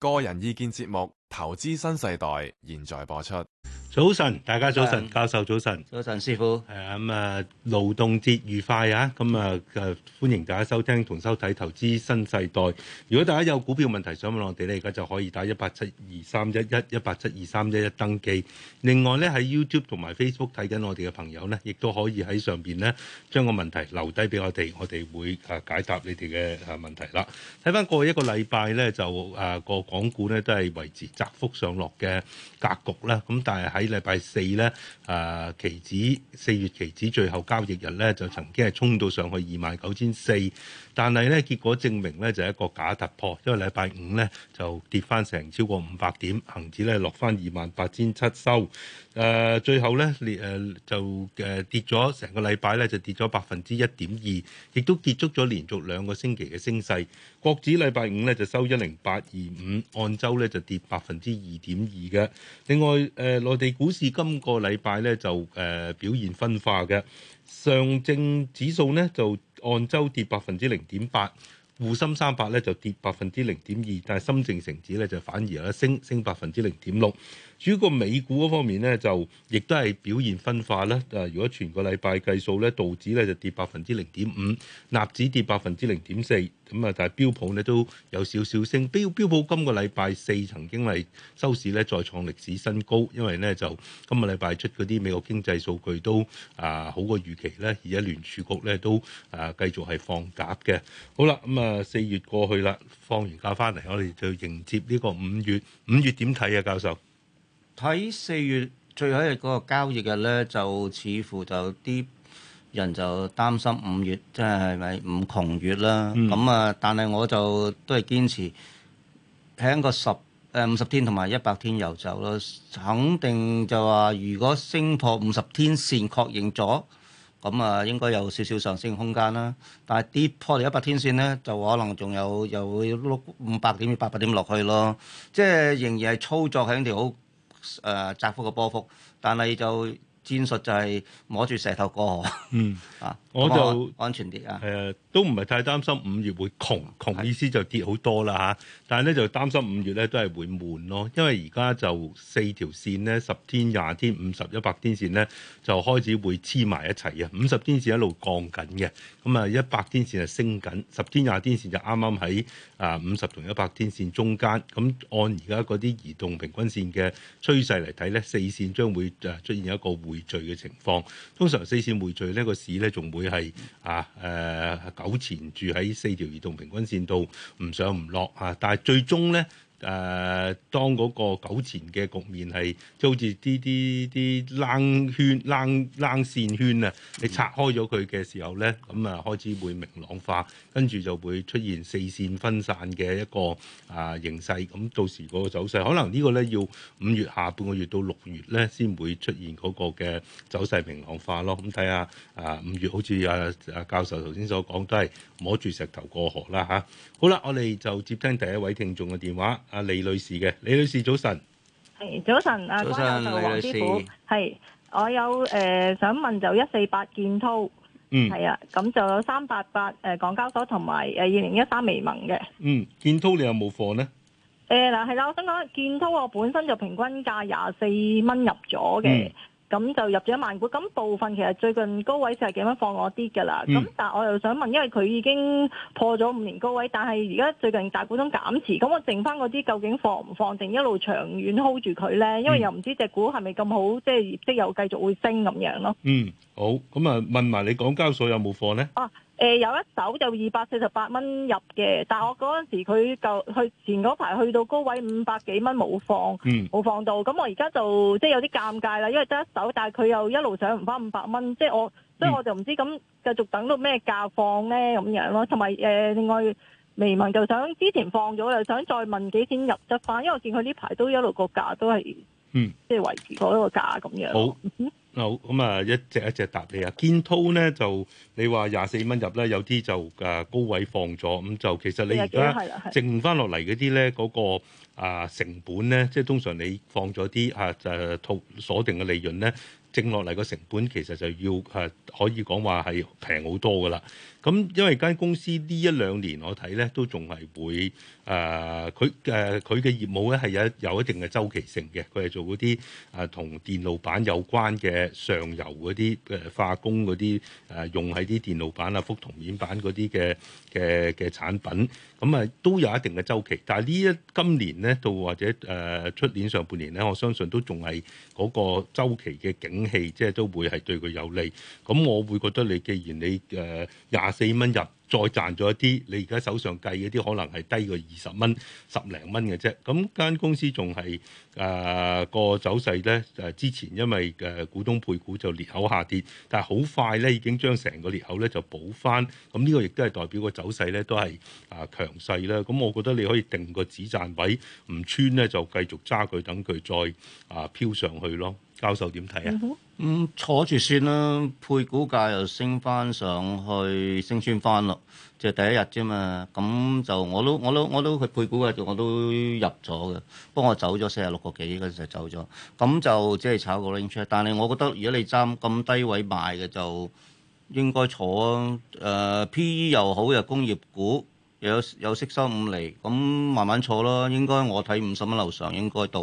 個人意見節目《投資新世代》現在播出。早晨，大家早晨，早晨教授早晨，早晨，師傅。誒，咁啊，勞動節愉快啊！咁啊，誒，歡迎大家收聽同收睇《投資新世代》。如果大家有股票問題想問我哋咧，而家就可以打一八七二三一一一八七二三一一登記。另外咧，喺 YouTube 同埋 Facebook 睇緊我哋嘅朋友咧，亦都可以喺上邊咧將個問題留低俾我哋，我哋會誒解答你哋嘅誒問題啦。睇翻過去一個禮拜咧，就誒個、啊、港股咧都係維持窄幅上落嘅格局啦。咁但係喺喺禮拜四咧，誒、呃、期指四月期指最後交易日咧，就曾經係衝到上去二萬九千四。但係咧，結果證明咧就係一個假突破，因為禮拜五咧就跌翻成超過五百點，恒指咧落翻二萬八千七收，誒、呃、最後咧誒就誒跌咗成個禮拜咧就跌咗百分之一點二，亦都結束咗連續兩個星期嘅升勢。國指禮拜五咧就收一零八二五，按周咧就跌百分之二點二嘅。另外誒，呃、內地股市今個禮拜咧就誒、呃、表現分化嘅，上證指數咧就，按周跌百分之零點八，滬深三百咧就跌百分之零點二，但係深證成指咧就反而咧升升百分之零點六。至於個美股嗰方面咧，就亦都係表現分化啦。誒，如果全個禮拜計數咧，道指咧就跌百分之零點五，納指跌百分之零點四，咁啊，但係標普呢都有少少升。標標普今個禮拜四曾經係收市咧再創歷史新高，因為咧就今個禮拜出嗰啲美國經濟數據都啊好過預期咧，而家聯儲局咧都啊繼續係放鴿嘅。好啦，咁啊四月過去啦，放完假翻嚟，我哋就迎接呢個五月。五月點睇啊，教授？喺四月最後一日嗰個交易日咧，就似乎就啲人就擔心五月即係咪五窮月啦。咁、嗯、啊，但係我就都係堅持喺個十誒五十天同埋一百天遊走咯。肯定就話，如果升破五十天線確認咗，咁啊應該有少少上升空間啦。但係跌破嚟一百天線咧，就可能仲有又會碌五百點八百點落去咯。即係仍然係操作喺條好。誒、呃，窄幅嘅波幅，但係就戰術就係摸住石頭過河、嗯、 啊！我就安全啲啊，係、呃、都唔係太擔心五月會窮窮意思就跌好多啦吓，是但係咧就擔心五月咧都係會悶咯，因為而家就四條線咧十天廿天五十一百天線咧就開始會黐埋一齊啊，五十天線一路降緊嘅，咁啊一百天線係升緊，十天廿天線就啱啱喺啊五十同一百天線中間，咁按而家嗰啲移動平均線嘅趨勢嚟睇咧，四線將會誒出現一個匯聚嘅情況，通常四線匯聚咧個市咧仲會。佢係啊誒，糾、呃、纏住喺四條移動平均線度，唔上唔落啊！但係最終咧。誒、呃，當嗰個九前嘅局面係，即、就是、好似啲啲啲冷圈、冷、那、冷、個、線圈啊，你拆開咗佢嘅時候咧，咁啊開始會明朗化，跟住就會出現四線分散嘅一個啊、呃、形勢，咁到時個走勢可能呢個咧要五月下半個月到六月咧，先會出現嗰個嘅走勢明朗化咯。咁睇下啊，五、呃、月好似啊啊教授頭先所講，都係摸住石頭過河啦嚇。好啦，我哋就接聽第一位聽眾嘅電話，阿李女士嘅，李女士，李女士早晨，係早晨，阿方友同王師傅，係，我有誒、呃、想問就一四八建滔，嗯，係啊，咁就有三八八誒港交所同埋誒二零一三微盟嘅，嗯，建滔你有冇貨呢？誒嗱係啦，我想講，建滔我本身就平均價廿四蚊入咗嘅。嗯咁就入咗一萬股，咁部分其實最近高位就係幾蚊放我啲㗎啦。咁但係我又想問，因為佢已經破咗五年高位，但係而家最近大股東減持，咁我剩翻嗰啲究竟放唔放定一路長遠 hold 住佢呢？因為又唔知隻股係咪咁好，即係業績又繼續會升咁樣咯。嗯。嗯。好，咁啊，問埋你港交所有冇放咧？啊誒，有一手就二百四十八蚊入嘅，但係我嗰陣時佢就去前嗰排去到高位五百幾蚊冇放，冇放到咁。我而家就即係有啲尷尬啦，因為得一手，但係佢又一路上唔翻五百蚊，即係我，所以我就唔知咁繼續等到咩價放咧咁樣咯。同埋誒另外微盟就想之前放咗又想再問幾錢入得翻，因為我見佢呢排都一路個價都係嗯即係維持嗰個價咁樣。好。好，咁啊一隻一隻答你啊，建滔咧就你話廿四蚊入咧，有啲就誒高位放咗，咁就其實你而家剩返落嚟嗰啲咧，嗰、嗰個啊成本咧，即係通常你放咗啲啊就套鎖定嘅利潤咧，剩落嚟個成本其實就要誒、啊、可以講話係平好多㗎喇。咁因為間公司呢一兩年我睇咧都仲係會誒佢誒佢嘅業務咧係有有一定嘅周期性嘅，佢係做嗰啲誒同電路板有關嘅上游嗰啲誒化工嗰啲誒用喺啲電路板啊覆銅面板、嗰啲嘅嘅嘅產品，咁、呃、啊都有一定嘅周期。但係呢一今年咧到或者誒出、呃、年上半年咧，我相信都仲係嗰個週期嘅景氣，即係都會係對佢有利。咁我會覺得你既然你誒。廿、呃。四蚊入，再賺咗一啲，你而家手上計嗰啲可能係低過二十蚊、十零蚊嘅啫。咁間公司仲係誒個走勢呢，誒，之前因為誒股東配股就裂口下跌，但係好快呢已經將成個裂口呢就補翻。咁呢個亦都係代表個走勢呢都係啊、呃、強勢啦。咁我覺得你可以定個止賺位，唔穿呢就繼續揸佢，等佢再啊、呃、飄上去咯。教授點睇啊？咁、mm hmm. 嗯、坐住算啦，配股價又升翻上去，升穿翻咯，即係第一日啫嘛。咁就我都我都我都去配股價我都入咗嘅，不過我走咗四十六個幾嗰陣時走咗。咁就即係炒個 e 出，但係我覺得如果你爭咁低位賣嘅就應該坐啊。誒、呃、P E 又好，又工業股又有有息收五厘。咁慢慢坐咯。應該我睇五十蚊樓上應該到。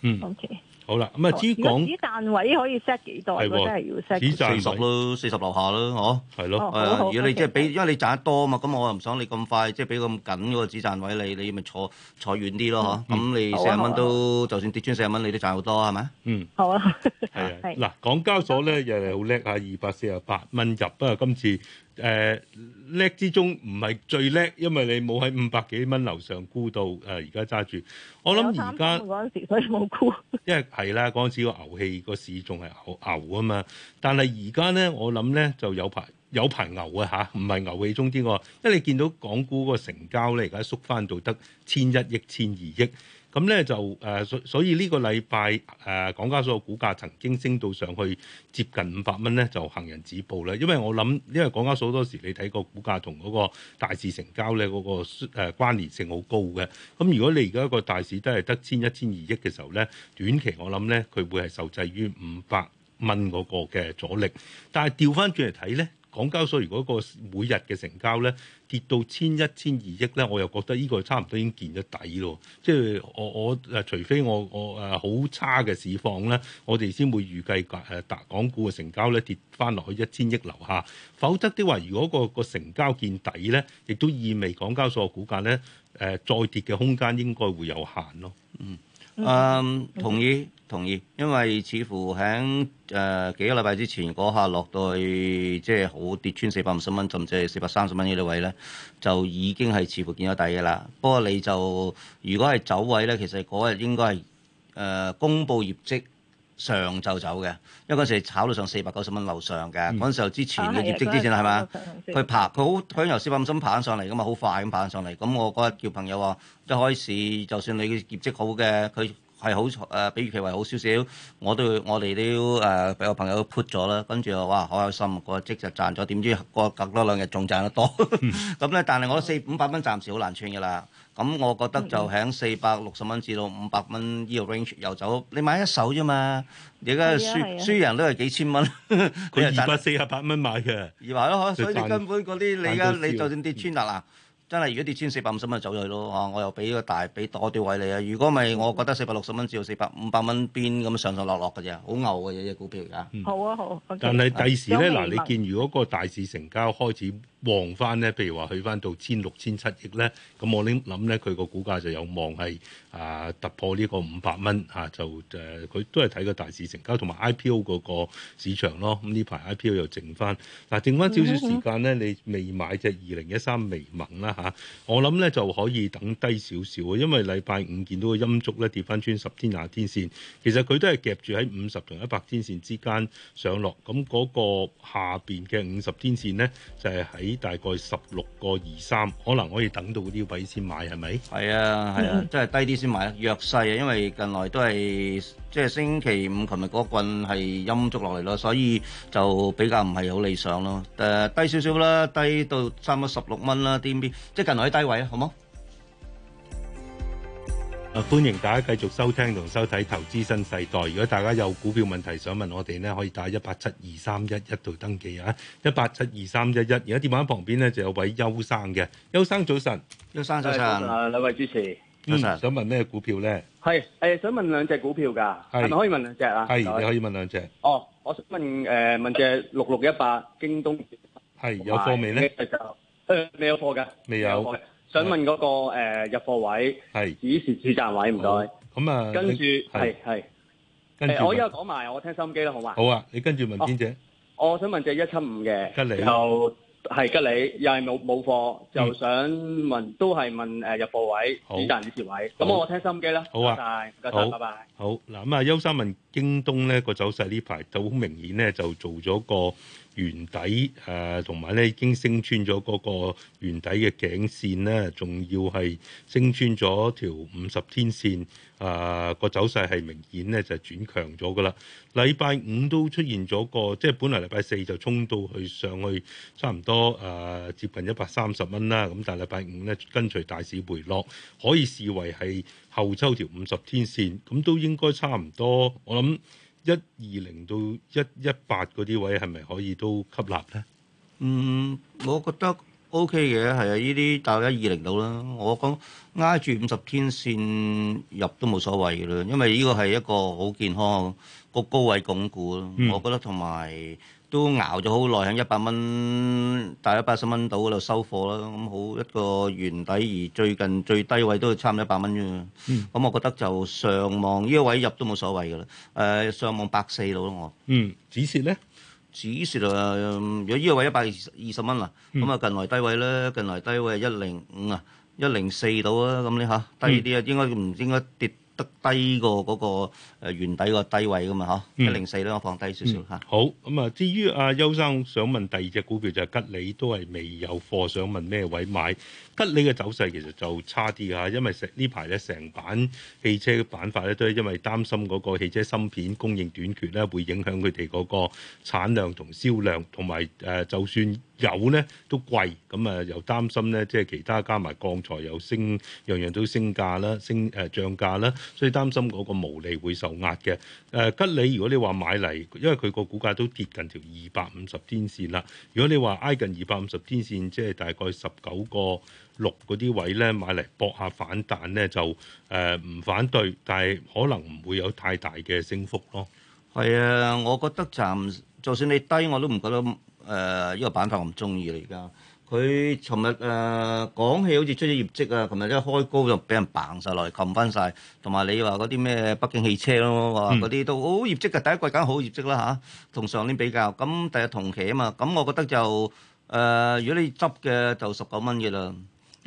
嗯。O K。好啦，咁啊，止港止賺位可以 set 幾多？我覺得係要 set 四十咯，四十樓下啦，嚇，係咯。如果你即係俾，因為你賺得多啊嘛，咁我又唔想你咁快，即係俾咁緊個止賺位你，你咪坐坐遠啲咯，嚇。咁你四十蚊都就算跌穿四十蚊，你都賺好多係咪？嗯，好啊。係啊，嗱，港交所咧又係好叻嚇，二百四十八蚊入，不過今次。誒叻、呃、之中唔係最叻，因為你冇喺五百幾蚊樓上沽到誒，而家揸住。我諗而家嗰陣時所以冇沽。 因為係啦，嗰陣時個牛氣、個市仲係牛牛啊嘛。但係而家咧，我諗咧就有排有排牛啊嚇，唔係牛氣中啲喎。因為你見到港股個成交咧，而家縮翻到得千一億、千二億。咁咧就誒，所以所以呢個禮拜誒，港交所嘅股價曾經升到上去接近五百蚊咧，就行人止步啦。因為我諗，因為港交所好多時你睇個股價同嗰個大市成交咧，嗰個誒關聯性好高嘅。咁如果你而家個大市都係得千一千二億嘅時候咧，短期我諗咧佢會係受制於五百蚊嗰個嘅阻力。但係調翻轉嚟睇咧。港交所如果個每日嘅成交咧跌到千一千二億咧，我又覺得呢個差唔多已經見咗底咯。即係我我誒除非我我誒好差嘅市況咧，我哋先會預計誒大港股嘅成交咧跌翻落去一千億樓下。否則的話，如果，嗰個個成交見底咧，亦都意味港交所嘅股價咧誒再跌嘅空間應該會有限咯。嗯。嗯，um, Okay. 同意同意，因為似乎喺誒、呃、幾個禮拜之前嗰下落到去，即係好跌穿四百五十蚊，甚至係四百三十蚊呢啲位咧，就已經係似乎見咗底嘅啦。不過你就如果係走位咧，其實嗰日應該係誒公佈業績。上就走嘅，因為嗰時炒到上四百九十蚊樓上嘅，嗰、嗯、時候之前嘅、啊、業績之前係嘛？佢爬佢好，由四百五十蚊爬上嚟嘅嘛，好快咁爬上嚟。咁我嗰日叫朋友話，一開始就算你嘅業績好嘅，佢係好誒、呃，比預期為好少少，我都要，我哋都誒俾個朋友 put 咗啦。跟住話哇，好開心，個積就賺咗。點知過隔、嗰個、多兩日仲賺得多、 嗯，咁咧？ 但係我四五百蚊暫時好難串嘅啦。咁我覺得就喺四百六十蚊至到五百蚊呢個 range 遊走，你買一手啫嘛，而家輸輸人都係幾千蚊，佢係二百四十八蚊買嘅。二百咯，所以根本嗰啲你而家你就算跌穿啦嗱，真係如果跌穿四百五十蚊走咗去咯我又俾個大俾多啲位你啊！如果咪我覺得四百六十蚊至到四百五百蚊邊咁上上落落嘅啫，好牛嘅隻股票而家。好啊好，但係第時咧嗱，你見如果個大市成交開始？旺翻咧，譬如話去翻到千六千七億咧，咁我諗咧佢個股價就有望係啊突破呢個五百蚊嚇，就誒佢、啊、都係睇個大市成交同埋 IPO 嗰個市場咯。咁、嗯、呢排 IPO 又剩翻，嗱、啊、剩翻少少時間咧，你未買隻二零一三微盟啦嚇，我諗咧就可以等低少少啊，因為禮拜五見到個陰燭咧跌翻穿十天廿天線，其實佢都係夾住喺五十同一百天線之間上落，咁嗰個下邊嘅五十天線咧就係喺。大概十六個二三，可能可以等到啲位先買，係咪？係啊，係啊，即係低啲先買，弱勢啊，因為近來都係即係星期五、琴日嗰棍係陰燭落嚟咯，所以就比較唔係好理想咯。誒，低少少啦，低到差唔多十六蚊啦，D B，即係近來喺低位啊，好冇？歡迎大家繼續收聽同收睇《投資新世代》。如果大家有股票問題想問我哋咧，可以打一八七二三一一度登記啊！一八七二三一一。而家電話旁邊咧就有位邱生嘅，邱生早晨，邱生早晨。誒，兩位主持，早晨。想問咩股票咧？係誒，想問兩隻股票噶，係咪可以問兩隻啊？係，你可以問兩隻。哦，我想問誒，問隻六六一八京東，係有貨未咧？係就誒，未有貨噶，未有。想問嗰個誒入貨位係止蝕止賺位，唔該咁啊，跟住係係，誒我依家講埋，我聽收音機啦，好嘛？好啊，你跟住問天姐，我想問隻一七五嘅吉利，又係吉利，又係冇冇貨，就想問都係問誒入貨位止賺止蝕位，咁我聽收音機啦。好啊，唔該晒，唔該晒，拜拜。好嗱，咁啊，優三問京東呢個走勢呢排就好明顯咧，就做咗個。原底誒，同埋咧已經升穿咗嗰個原底嘅頸線咧，仲要係升穿咗條五十天線，誒、啊、個走勢係明顯咧，就是、轉強咗㗎喇。禮拜五都出現咗個，即係本來禮拜四就衝到去上去差唔多誒、啊、接近一百三十蚊啦。咁但係禮拜五咧跟隨大市回落，可以視為係後抽條五十天線，咁都應該差唔多。我諗。一二零到一一八嗰啲位係咪可以都吸納咧？嗯，我覺得 OK 嘅，係啊，呢啲大約一二零到啦。我講挨住五十天線入都冇所謂嘅啦，因為呢個係一個好健康個高位鞏固咯。嗯、我覺得同埋。都熬咗好耐喺一百蚊，大概八十蚊到嗰度收貨啦。咁、嗯、好一個原底，而最近最低位都差唔多一百蚊啫。咁、嗯嗯、我覺得就上望呢、這個位入都冇所謂嘅啦。誒、呃，上望百四到咯我。嗯，止蝕咧，止蝕啊、呃！如果呢個位一百二十蚊啊，咁啊近來低位啦，近來低位一零五啊，一零四到啊，咁你下低啲啊，應該唔應該跌？得低個嗰個原底個低位噶嘛嚇，一、嗯嗯、零四咧我放低少少嚇。好咁啊，至於阿邱生想問第二隻股票就係吉利，都係未有貨，想問咩位買？吉利嘅走勢其實就差啲吓，因為成呢排咧成版汽車嘅板塊咧都係因為擔心嗰個汽車芯片供應短缺咧，會影響佢哋嗰個產量同銷量，同埋誒就算有咧都貴，咁啊又擔心咧即係其他加埋鋼材又升，樣樣都升價啦，升誒漲價啦，所以擔心嗰個毛利會受壓嘅。誒、呃、吉利如果你話買嚟，因為佢個股價都跌近條二百五十天線啦，如果你話挨近二百五十天線，即係大概十九個六嗰啲位咧買嚟搏下反彈咧，就誒唔、呃、反對，但係可能唔會有太大嘅升幅咯。係啊，我覺得暫就算你低，我都唔覺得誒呢、呃呢個板塊我唔中意啦。而家佢尋日誒港氣好似出咗業績啊，尋日一開高就俾人掹晒落嚟，冚翻晒。同埋你話嗰啲咩北京汽車咯，話嗰啲都好業績㗎，第一季梗好業績啦嚇。同、啊、上年比較咁，第日同期啊嘛，咁我覺得就誒、呃，如果你執嘅就十九蚊嘅啦。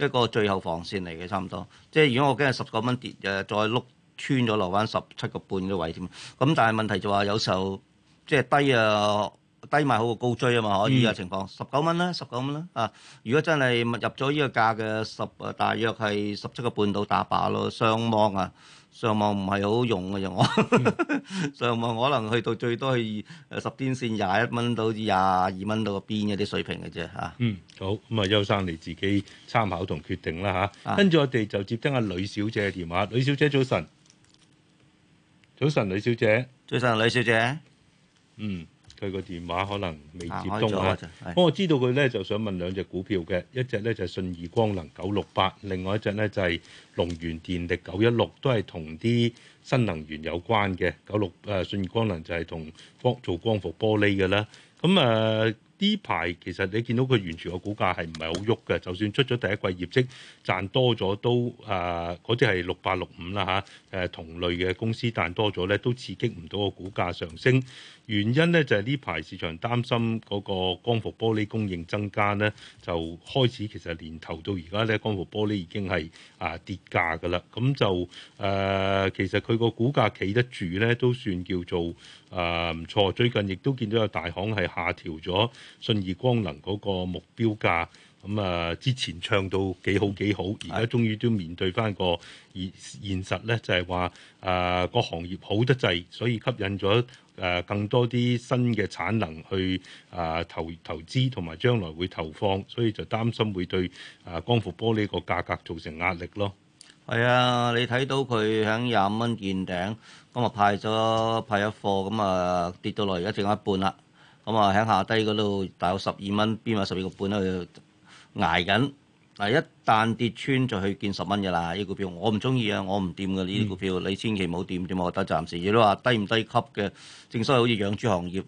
一個最後防線嚟嘅，差唔多。即係如果我今日十九蚊跌誒，再碌穿咗落翻十七個半嘅位點？咁但係問題就話有時候即係低啊低埋好過高追啊嘛，可以個情況。嗯、十九蚊啦、啊，十九蚊啦啊，啊！如果真係入咗呢個價嘅十誒，大約係十七個半到打靶咯，雙芒啊！上網唔係好用嘅，我、嗯、上網可能去到最多去十天線廿一蚊到廿二蚊到個邊嗰啲水平嘅啫嚇。啊、嗯，好咁啊，邱生你自己參考同決定啦嚇。跟、啊、住我哋就接聽阿呂小姐嘅電話，呂小姐早晨，早晨呂小姐，早晨呂小姐，小姐嗯。佢個電話可能未接通啊！我知道佢咧就想問兩隻股票嘅，一隻咧就係、是、信義光能九六八，另外一隻咧就係、是、龍源電力九一六，都係同啲新能源有關嘅。九六誒信義光能就係同光做光伏玻璃嘅啦。咁啊～呢排其實你見到佢完全個股價係唔係好喐嘅？就算出咗第一季業績賺多咗，都誒，嗰啲係六八六五啦，嚇誒，同類嘅公司賺多咗咧都刺激唔到個股價上升。原因咧就係呢排市場擔心嗰個光伏玻璃供應增加咧，就開始其實年頭到而家咧光伏玻璃已經係啊跌價㗎啦。咁就誒、呃，其實佢個股價企得住咧，都算叫做。誒唔錯，最近亦都見到有大行係下調咗信義光能嗰個目標價。咁、嗯、啊，之前唱到幾好幾好，而家終於都面對翻個現現實呢，就係話誒個行業好得滯，所以吸引咗誒、啊、更多啲新嘅產能去誒、啊、投投資，同埋將來會投放，所以就擔心會對誒、啊、光伏玻璃個價格造成壓力咯。係啊，你睇到佢喺廿蚊見頂。咁啊派咗派咗貨，咁啊跌到落而家剩翻一半啦。咁啊喺下低嗰度，大有十二蚊，邊有十二個半咧？挨緊嗱，一旦跌穿就去見十蚊嘅啦。呢個股票我唔中意啊，我唔掂嘅呢啲股票，你千祈唔好掂，點我覺得暫時。如果你話低唔低級嘅，正所謂好似養豬行業，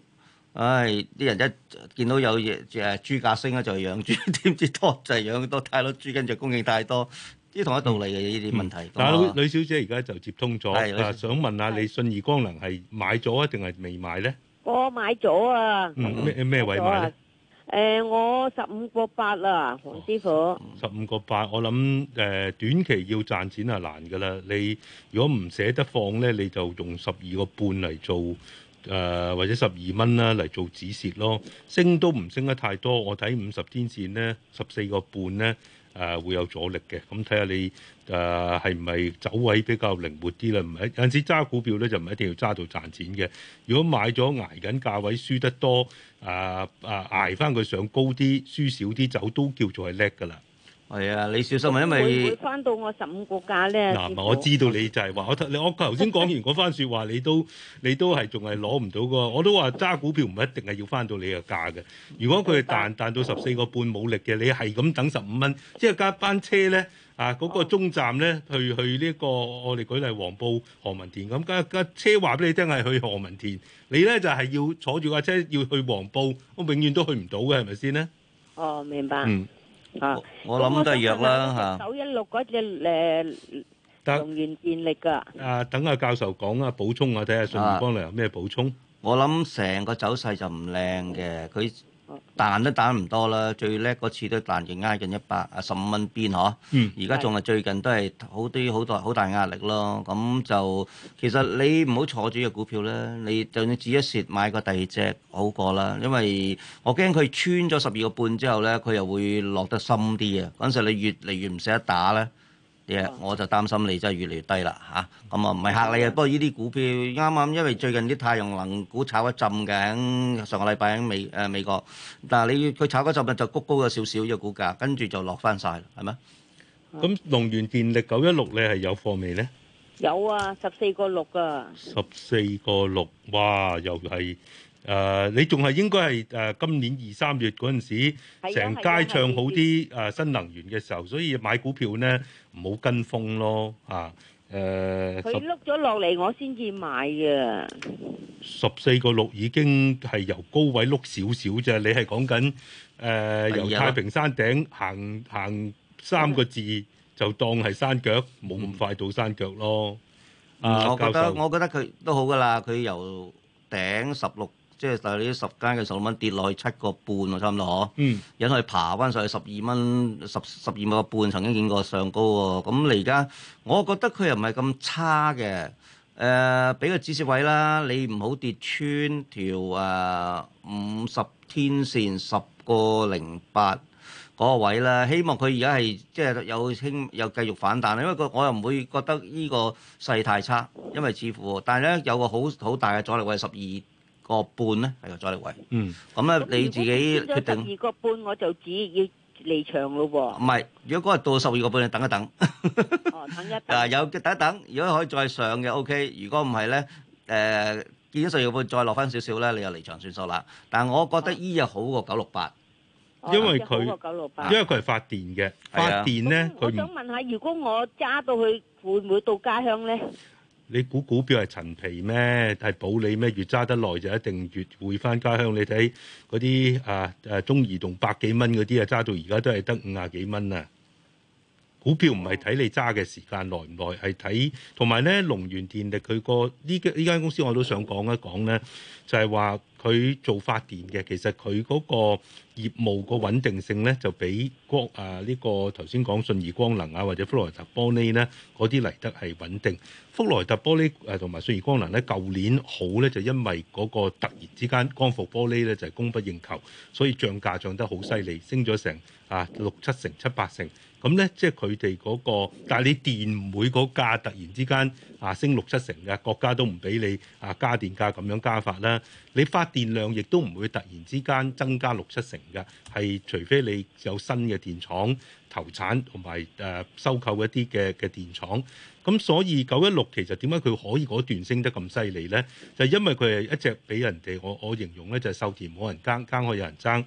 唉，啲人一見到有隻豬價升咧，就係、是、養豬，點知多就係養多太多豬，跟住供應太多。呢同一道理嘅呢啲問題。嗱、嗯，呂小姐而家就接通咗，啊，想問下你信義光能係買咗定係未買咧？我買咗啊！咩咩位買咧、啊？誒、啊，我十五個八啦，黃師傅。十五個八，8，我諗誒、呃、短期要賺錢係難嘅啦。你如果唔捨得放咧，你就用十二個半嚟做誒、呃，或者十二蚊啦嚟做止蝕咯。升都唔升得太多，我睇五十天線咧，十四個半咧。誒、呃、會有阻力嘅，咁睇下你誒係唔係走位比較靈活啲啦？唔係有陣時揸股票咧，就唔一定要揸到賺錢嘅。如果買咗捱緊價位，輸得多，誒、呃、誒、呃、捱翻佢上高啲，輸少啲走，都叫做係叻㗎啦。係啊，你小心啊，因為會唔會翻到我十五個價咧？嗱、啊，傅我知道你就係話我頭，我頭先講完嗰番說話 你，你都你都係仲係攞唔到噶。我都話揸股票唔一定係要翻到你個價嘅。如果佢係彈彈到十四個半冇力嘅，你係咁等十五蚊，即係加班車咧啊！嗰、那個中站咧去去呢、這個我哋舉例黃埔何文田咁，加、那、加、個、車話俾你聽係去何文田，你咧就係、是、要坐住架車要去黃埔，我永遠都去唔到嘅，係咪先咧？哦，明白。嗯。啊，我諗都係弱啦嚇。九一六嗰隻誒，強元電力㗎。啊，等阿教授講啊，補充啊，睇下順風哥你有咩補充。我諗成個走勢就唔靚嘅，佢。彈都彈唔多啦，最叻嗰次都彈住挨近一百啊十五蚊邊嗬，而家仲係最近都係好啲好多好大壓力咯。咁就其實你唔好坐住隻股票啦，你就算止一蝕買個第二隻好過啦，因為我驚佢穿咗十二個半之後咧，佢又會落得深啲啊！嗰陣時你越嚟越唔捨得打咧。Yeah, 嗯、我就擔心你真係越嚟越低啦嚇。咁啊，唔係嚇你啊。嗯、不過呢啲股票啱啱，剛剛因為最近啲太陽能股炒一浸嘅，上個禮拜喺美誒、啊、美國。嗱、啊，你佢炒嗰陣咪就谷高咗少少嘅股價，跟住就落翻晒，係咪？咁龍源電力九一六，你係有貨未呢？有啊，十四個六啊！十四個六，哇！又係誒、呃，你仲係應該係誒、呃、今年二三月嗰陣時，成街唱好啲誒新能源嘅時候，所以買股票呢。唔好跟風咯，啊，誒、呃，佢碌咗落嚟，我先至買嘅。十四個六已經係由高位碌少少啫，你係講緊誒由太平山頂行行三個字、嗯、就當係山腳，冇咁快到山腳咯。嗯、啊，我覺得授我覺得佢都好噶啦，佢由頂十六。即係，但呢十間嘅十五蚊跌落去七個半喎，差唔多嗬。嗯，引佢爬翻上去十二蚊，十十二個半曾經見過上高喎。咁嚟而家，我覺得佢又唔係咁差嘅。誒、呃，俾個止蝕位啦，你唔好跌穿條誒五十天線十個零八嗰個位啦。希望佢而家係即係有輕有繼續反彈。因為個我又唔會覺得呢個勢太差，因為似乎但係咧有個好好大嘅阻力位係十二。個半咧，係個阻力位。嗯，咁咧你自己決定。十二個半我就要離場咯喎。唔係，如果嗰日到十二個半，你等一等。哦，等一等。啊，有等一等。如果可以再上嘅，OK，如果唔係咧，誒見到十二個半再落翻少少咧，你又離場算數啦。但係我覺得依日好過九六八，因為佢因為佢係發電嘅，發電咧佢。我想問下，如果我揸到佢，會唔會到家鄉咧？你估股票係陳皮咩？係保你咩？越揸得耐就一定越會翻家鄉。你睇嗰啲啊啊中移動百幾蚊嗰啲啊，揸到而家都係得五廿幾蚊啊！股票唔係睇你揸嘅時間耐唔耐，係睇同埋咧。龍源電力佢、個呢間呢間公司我都想講一講咧，就係、是、話。佢做發電嘅，其實佢嗰個業務個穩定性咧，就比光、這個、啊呢、這個頭先講信義光能啊或者福萊特玻璃咧嗰啲嚟得係穩定。福萊特玻璃誒同埋信義光能咧，舊年好咧就因為嗰個突然之間光伏玻璃咧就係、是、供不應求，所以漲價漲得好犀利，升咗成啊六七成、七八成。咁咧即係佢哋嗰個，但係你電每嗰價突然之間啊升六七成嘅，國家都唔俾你啊加電價咁樣加法啦，你發電量亦都唔會突然之間增加六七成嘅，係除非你有新嘅電廠投產同埋誒收購一啲嘅嘅電廠。咁所以九一六其實點解佢可以嗰段升得咁犀利呢？就係因為佢係一隻俾人哋，我我形容咧就係瘦田冇人耕，耕開有人爭。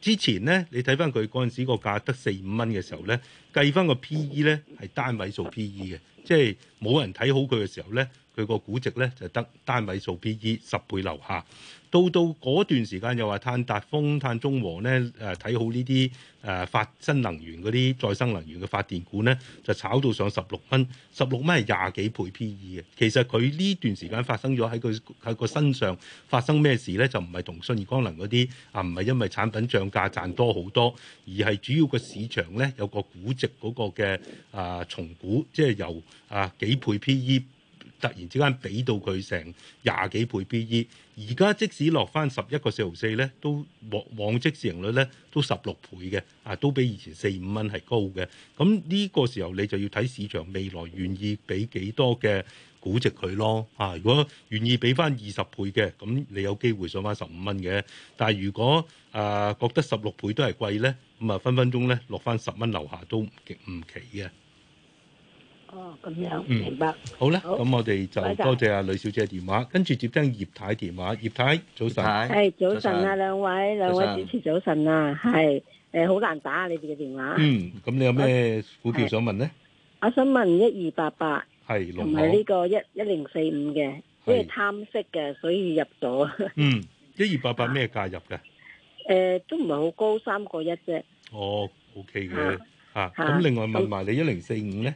之前呢，你睇翻佢嗰陣時個價得四五蚊嘅時候呢，計翻個 P E 呢，係單位數 P E 嘅，即係冇人睇好佢嘅時候呢。佢個估值咧就得單位數 P/E 十倍樓下，到到嗰段時間又話碳達峰、碳中和咧誒，睇、啊、好呢啲誒發新能源嗰啲再生能源嘅發電股咧，就炒到上十六蚊，十六蚊係廿幾倍 P/E 嘅。其實佢呢段時間發生咗喺佢喺個身上發生咩事咧，就唔係同信義光能嗰啲啊，唔係因為產品漲價賺多好多，而係主要個市場咧有個估值嗰個嘅啊重估，即係由啊幾倍 P/E。突然之間俾到佢成廿幾倍 PE，而家即使落翻十一個四毫四咧，都往往即市盈率咧都十六倍嘅，啊都比以前四五蚊係高嘅。咁、啊、呢、呢個時候你就要睇市場未來願意俾幾多嘅估值佢咯。啊，如果願意俾翻二十倍嘅，咁你有機會上翻十五蚊嘅。但係如果啊覺得十六倍都係貴咧，咁啊分分鐘咧落翻十蚊樓下都極唔奇嘅。哦，咁樣明白。好啦，咁我哋就多謝阿呂小姐嘅電話，跟住接聽葉太電話。葉太早晨。係早晨啊，兩位，兩位主持早晨啊，係誒，好難打啊，你哋嘅電話。嗯，咁你有咩股票想問咧？我想問一二八八，係同埋呢個一一零四五嘅，因為貪息嘅，所以入咗。嗯，一二八八咩價入㗎？誒，都唔係好高，三個一啫。哦，OK 嘅吓，咁另外問埋你一零四五咧。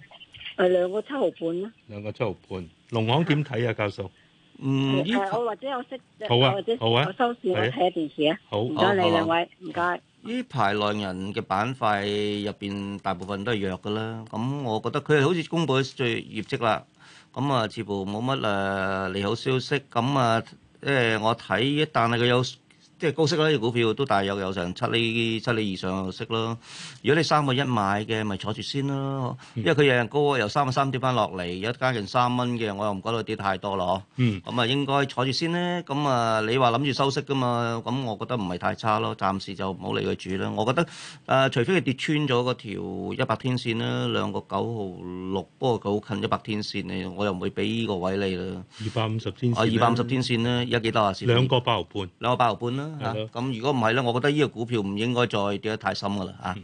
誒，兩個七毫半啦，兩個七毫半。農行點睇啊，教授？嗯，依我或者我識好啊，好啊。收線啊，睇下電視啊。好，唔該你兩位，唔該。呢排內人嘅板塊入邊，大部分都係弱噶啦。咁我覺得佢好似公布咗最業績啦。咁啊，似乎冇乜誒利好消息。咁啊，即係我睇一，但係佢有。即係高息啦，啲股票都大有有成七厘七釐以上嘅息咯。如果你三個一買嘅，咪坐住先咯。因為佢日日高啊，由三個三跌翻落嚟，而家加緊三蚊嘅，我又唔覺得跌太多咯，嗯。嗯。咁啊，應該坐住先咧。咁啊，你話諗住收息噶嘛？咁我覺得唔係太差咯。暫時就唔好理佢住啦。我覺得誒、呃，除非係跌穿咗嗰條一百天線啦，兩個九毫六，不過佢好近一百天線嘅，我又唔會俾呢個位你啦。二百五十天。二百五十天線咧，而家幾多啊？兩個八毫半。兩個八毫半啦。咁如果唔係咧，我覺得呢個股票唔應該再跌得太深噶啦。啊，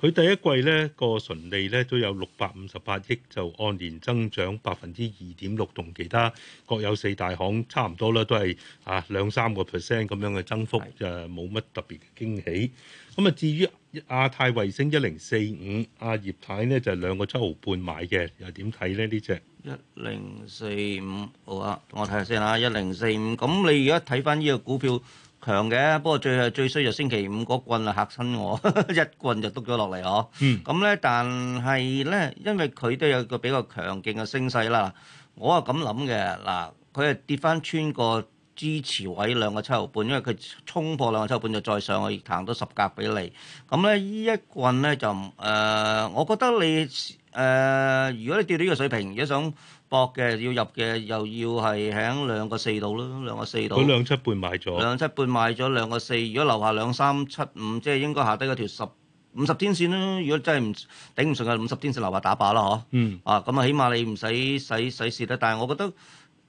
佢第一季咧個純利咧都有六百五十八億，就按年增長百分之二點六，同其他國有四大行差唔多啦，都係啊兩三個 percent 咁樣嘅增幅，就冇乜特別嘅驚喜。咁啊，至於亞太衞星一零四五阿葉太咧，就兩個七毫半買嘅，又點睇咧？呢隻一零四五好啊，我睇下先啦，一零四五。咁你而家睇翻呢個股票？強嘅，不過最最衰就星期五嗰棍，啊嚇親我， 一棍就篤咗落嚟呵。咁咧、嗯，但係咧，因為佢都有個比較強勁嘅升勢啦。我啊咁諗嘅，嗱，佢係跌翻穿個支持位兩個七毫半，因為佢衝破兩個七毫半就再上，我亦彈到十格俾你。咁咧，依一棍咧就誒、呃，我覺得你誒、呃，如果你跌到呢個水平，如果想博嘅要入嘅又要係喺兩個四度咯，兩個四度。嗰兩七半買咗。兩七半買咗兩個四，4，如果留下兩三七五，即係應該下低嗰條十五十天線啦。如果真係唔頂唔順嘅五十天線，留下打靶啦，嗬。嗯。啊，咁啊，起碼你唔使使使蝕啦。但係我覺得。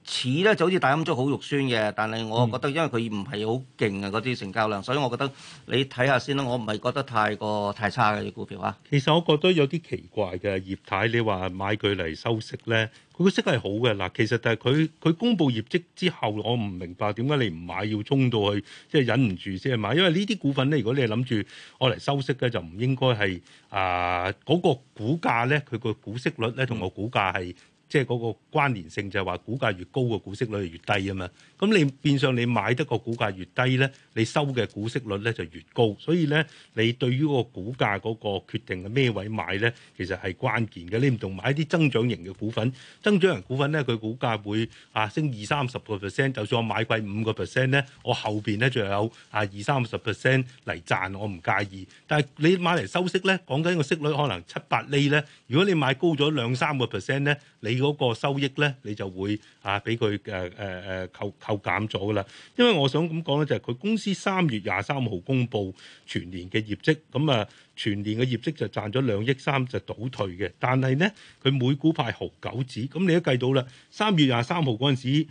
似咧就好似大欖竹好肉酸嘅，但係我覺得因為佢唔係好勁啊嗰啲成交量，所以我覺得你睇下先啦。我唔係覺得太過太差嘅啲股票啊。其實我覺得有啲奇怪嘅，葉太，你話買佢嚟收息咧，佢個息係好嘅嗱。其實但，但係佢佢公布業績之後，我唔明白點解你唔買要沖到去，即係忍唔住先係買。因為呢啲股份咧，如果你係諗住攞嚟收息咧，就唔應該係啊嗰個股價咧，佢個股息率咧同個股價係。嗯即係嗰個關聯性就係話，股價越高嘅股息率係越低啊嘛。咁你變相你買得個股價越低咧，你收嘅股息率咧就越高。所以咧，你對於個股價嗰個決定係咩位買咧，其實係關鍵嘅。你唔同買一啲增長型嘅股份，增長型股份咧，佢股價會啊升二三十個 percent。就算我買貴五個 percent 咧，我後邊咧就有啊二三十 percent 嚟賺，我唔介意。但係你買嚟收息咧，講緊個息率可能七八厘咧。如果你買高咗兩三個 percent 咧，你嗰個收益咧，你就會啊俾佢誒誒誒扣扣減咗㗎啦。因為我想咁講咧，就係、是、佢公司三月廿三號公布全年嘅業績，咁、嗯、啊全年嘅業績就賺咗兩億三，就倒退嘅。但係咧，佢每股派毫九子，咁你都計到啦。三月廿三號嗰陣時，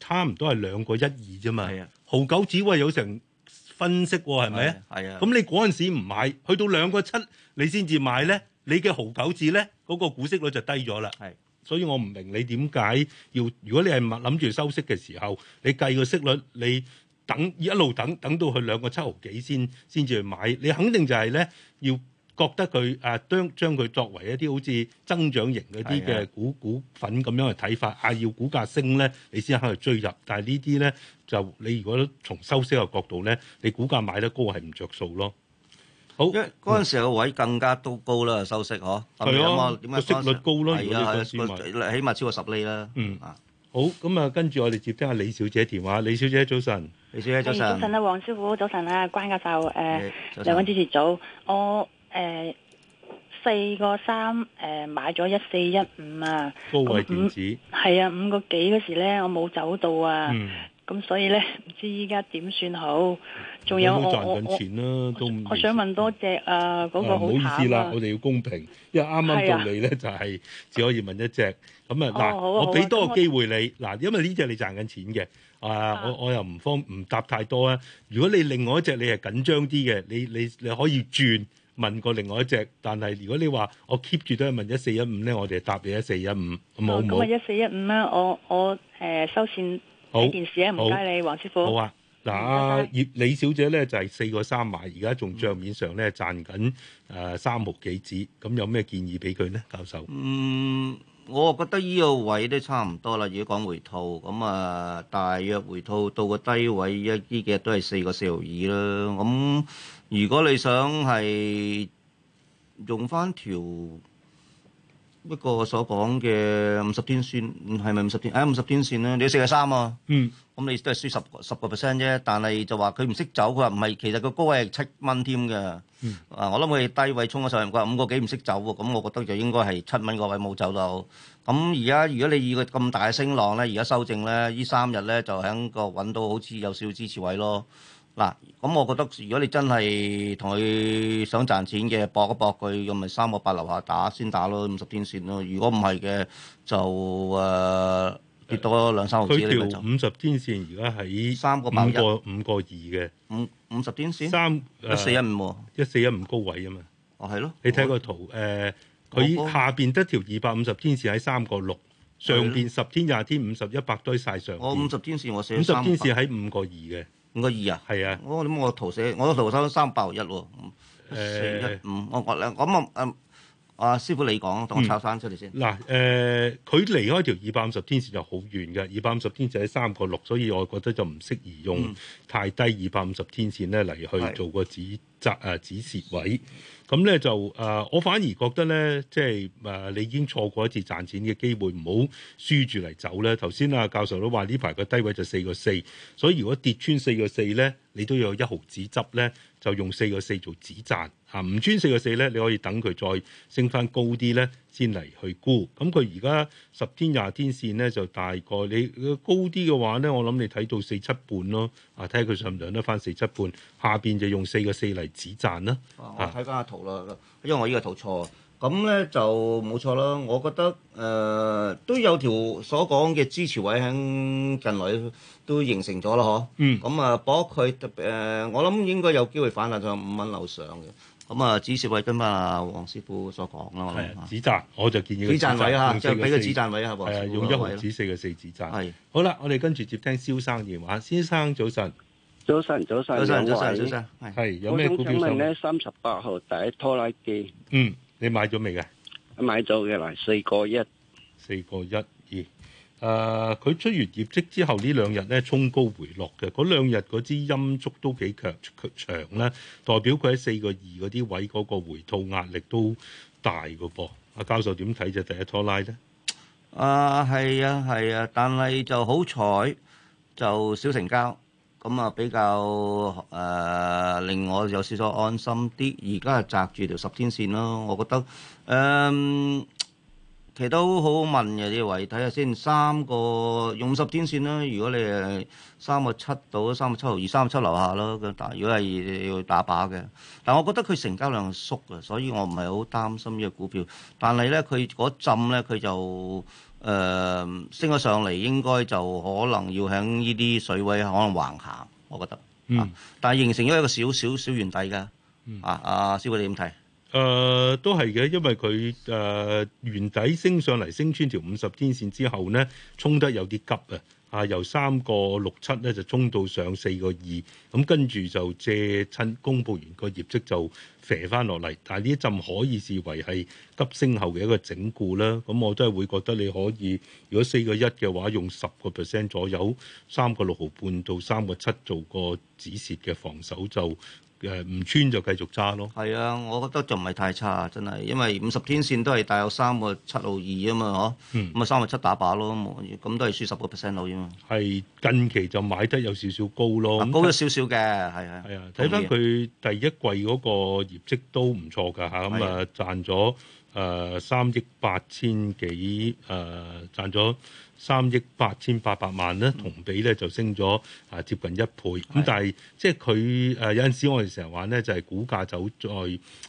差唔多係兩個一二啫嘛。毫九子話有成分析喎、哦，係咪啊？係啊。咁你嗰陣時唔買，去到兩個七，你先至買咧，你嘅毫九字咧，嗰個股息率就低咗啦。係、啊。所以我唔明你點解要，如果你係諗住收息嘅時候，你計個息率，你等一路等等到去兩個七毫幾先先至去買，你肯定就係咧要覺得佢啊將將佢作為一啲好似增長型嗰啲嘅股股份咁樣去睇法啊，的要股價升咧你先肯去追入，但係呢啲咧就你如果從收息嘅角度咧，你股價買得高係唔着數咯。好，因為嗰陣時個位更加都高啦，收息嗬，咁啊點樣？個息率高咯，係啊係，而家起碼超過十厘啦。嗯，好，咁啊跟住我哋接聽下李小姐電話。李小姐早晨，李小姐早晨啊，黃師傅早晨啊，關教授誒，兩位主持早，我誒四個三誒買咗一四一五啊，高位點止？係啊，五個幾嗰時咧，我冇走到啊。嗯咁所以咧，唔知依家點算好？仲有我我我想問多隻啊，嗰個好慘啊！唔好意思啦，我哋要公平，因為啱啱到你咧就係只可以問一隻。咁啊嗱，我俾多個機會你嗱，因為呢隻你賺緊錢嘅啊，我我又唔方唔答太多啊。如果你另外一隻你係緊張啲嘅，你你你可以轉問過另外一隻。但係如果你話我 keep 住都係問一四一五咧，我哋答你一四一五，好冇？咁啊一四一五啦，我我誒收線。好，件事啊，唔該你，黃師傅。好啊，嗱，阿葉李小姐咧就係四個三埋，而家仲帳面上咧賺緊誒三毫幾子，咁、嗯、有咩建議俾佢咧，教授？嗯，我覺得依個位都差唔多啦，如果講回吐咁、嗯、啊，大約回吐到個低位一啲幾日都係四個四毫二啦。咁、嗯、如果你想係用翻條。一個所講嘅五十天線，係咪五十天？哎，五十天線啦，你四日三喎，咁、嗯嗯、你都係輸十十個 percent 啫。但係就話佢唔識走，佢話唔係，其實個高位係七蚊添嘅。嗯、啊，我諗佢低位衝咗上佢個五個幾唔識走喎。咁我覺得就應該係七蚊個位冇走到。咁而家如果你以個咁大嘅升浪咧，而家修正咧，呢三日咧就喺個揾到好似有少少支持位咯。嗱，咁、嗯、我覺得，如果你真係同佢想賺錢嘅搏一搏佢，咁咪三個八樓下打先打咯，五十天線咯。如果唔係嘅，就誒、呃、跌多兩三毫佢條五十天線而家喺三個八一個五個二嘅五五十天線三一四一五一四一五高位啊嘛哦，係咯、啊，啊、你睇看 的個圖誒，佢、呃、下邊得條二百五十天線喺三個六，上邊十天廿天五十一百堆晒上。我五十天線我寫五十天線喺五個二嘅。在 5. 五個二啊，係啊、哦，我點我圖寫，我個圖收三百一喎，四一五，我覺咧，咁、嗯、啊，阿師傅你講，同我抄翻出嚟先。嗱、嗯，誒、嗯，佢、嗯、離開條二百五十天線就好遠嘅，二百五十天線喺三個六，所以我覺得就唔適宜用太低二百五十天線咧嚟去做個止窄啊止蝕位。咁咧、嗯、就誒、呃，我反而覺得咧，即係誒、呃，你已經錯過一次賺錢嘅機會，唔好輸住嚟走咧。頭先啊教授都話呢排個低位就四個四，所以如果跌穿四個四咧，你都有一毫子執咧，就用四個四做止賺。啊！唔穿四個四咧，你可以等佢再升翻高啲咧，先嚟去沽。咁佢而家十天廿天線咧，就大概你高啲嘅話咧，我諗你睇到四七半咯。啊，睇下佢上唔上得翻四七半？下邊就用四個四嚟止賺啦、啊啊啊。我睇翻下圖啦，因為我呢個圖錯。咁咧就冇錯啦。我覺得誒、呃、都有條所講嘅支持位喺近來都形成咗啦。嗬、啊，嗯，咁啊，搏佢特別、呃、我諗應該有機會反彈、就是、上五蚊樓上嘅。咁啊、嗯，紫色位噶嘛，黃師傅所講咯。指、啊、紫贊我就建議。紫贊位啊，就俾個紫贊位啊，係、啊啊啊，用一毫子四個四紫四嘅四指贊。係、啊，四四啊、好啦，我哋跟住接聽蕭生電話。先生早晨，早晨，早晨，早晨、啊，早晨，早晨。係，有咩股票我我想問咧，三十八號第一拖拉機。嗯，你買咗未嘅？我買咗嘅啦，四個一。四個一。誒佢出完業績之後呢兩日咧，衝高回落嘅，嗰兩日嗰支陰燭都幾強強長咧，代表佢喺四個二嗰啲位嗰個回吐壓力都大嘅噃。阿教授點睇就第一拖拉咧？啊，係啊係啊，但係就好彩就少成交，咁啊比較誒令我有少少安心啲。而家係紮住條十天線咯，我覺得嗯。其實都好好問嘅，你話要睇下先，三個用五十天線啦。如果你係三個七到三個七毫二、三個七樓下咯。但如果係要打靶嘅，但我覺得佢成交量縮嘅，所以我唔係好擔心呢個股票。但係咧，佢嗰浸咧，佢就誒、呃、升咗上嚟，應該就可能要喺呢啲水位可能橫行。我覺得，啊嗯、但係形成咗一個少少小圓底㗎。啊，阿、啊、小你點睇？誒、呃、都係嘅，因為佢誒、呃、原底升上嚟，升穿條五十天線之後呢衝得有啲急啊！啊，由三個六七呢就衝到上四個二，咁跟住就借親公佈完個業績就肥翻落嚟。但係呢一陣可以視為係急升後嘅一個整固啦。咁、啊嗯、我都係會覺得你可以，如果四個一嘅話，用十個 percent 左右，三個六毫半到三個七做個止蝕嘅防守就。誒唔穿就繼續差咯。係啊，我覺得就唔係太差，真係，因為五十天線都係大約三個七毫二啊嘛，嗬。咁啊，三個七打靶咯，咁都係輸十個 percent 到啫嘛。係近期就買得有少少高咯。啊、高咗少少嘅，係係。係但啊，睇翻佢第一季嗰個業績都唔錯㗎嚇，咁啊，啊賺咗誒三億八千幾誒賺咗。三億八千八百萬咧，同比咧就升咗啊接近一倍。咁、嗯、但係即係佢誒有陣時我哋成日話咧，就係、是、股價走在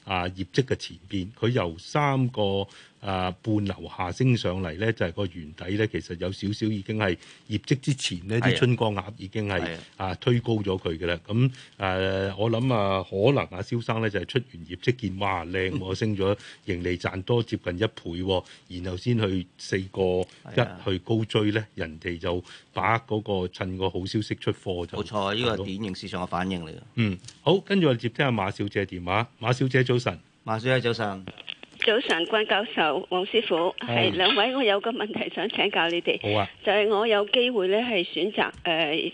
啊業績嘅前邊，佢由三個。啊，半流下升上嚟咧，就係、是、個圓底咧。其實有少少已經係業績之前呢，啲的春光鴨已經係的啊推高咗佢嘅啦。咁誒、呃，我諗啊，可能阿、啊、蕭生咧就係出完業績見哇靚喎，我升咗 盈利賺多接近一倍，然後先去四個一的去高追咧，人哋就把握、那、嗰個趁個好消息出貨就冇錯，呢個典型市場嘅反應嚟嘅。嗯，好，跟住我接聽阿馬小姐電話。馬小姐早晨上。馬小姐早晨。早上，關教授、黃師傅，係兩、嗯、位，我有個問題想請教你哋。好啊，就係我有機會咧，係選擇誒。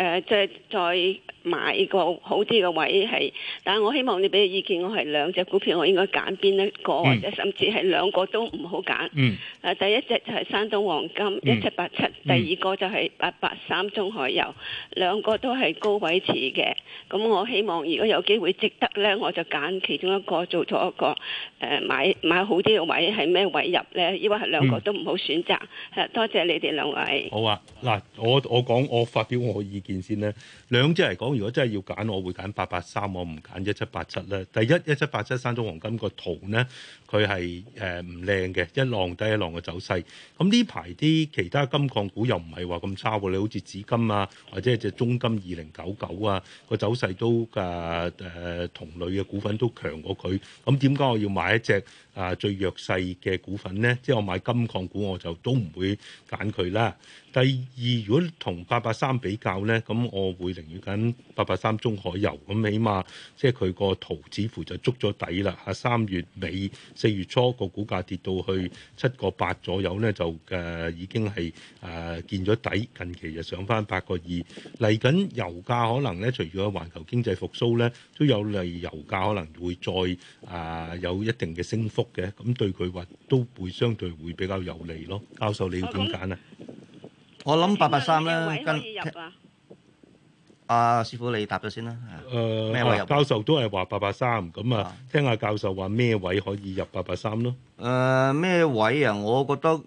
誒，即係、呃、再買個好啲嘅位係，但我希望你俾個意見，我係兩隻股票我應該揀邊一個，嗯、或者甚至係兩個都唔好揀。嗯，誒、啊，第一隻就係山東黃金一七八七，嗯、第二個就係八八三中海油，嗯、兩個都係高位持嘅。咁我希望如果有機會值得呢，我就揀其中一個做咗一個誒、呃、買買好啲嘅位係咩位入呢？抑或係兩個都唔好選擇？嗯、多謝你哋兩位。好啊，嗱，我我講我發表我意見。先咧，兩隻嚟講，如果真係要揀，我會揀八八三，我唔揀一七八七咧。第一，一七八七山東黃金個圖咧，佢係誒唔靚嘅，一浪低一浪嘅走勢。咁呢排啲其他金礦股又唔係話咁差喎，你好似紫金啊，或者係隻中金二零九九啊，個走勢都誒誒、啊、同類嘅股份都強過佢。咁點解我要買一隻？啊，最弱勢嘅股份呢，即係我買金礦股，我就都唔會揀佢啦。第二，如果同八八三比較呢，咁我會寧願緊八八三中海油，咁起碼即係佢個圖似乎就捉咗底啦。嚇，三月尾四月初個股價跌到去七個八左右呢，就誒、呃、已經係誒見咗底，近期就上翻八個二。嚟緊油價可能咧，隨住環球經濟復甦呢，都有利油價可能會再啊、呃、有一定嘅升幅。嘅，咁對佢話都會相對會比較有利咯。教授你要點揀啊？我諗八八三啦，跟入啊。師傅你答咗先啦。誒，教授都係話八八三咁啊，聽下教授話咩位可以入八八三咯？誒，咩位啊？我覺得。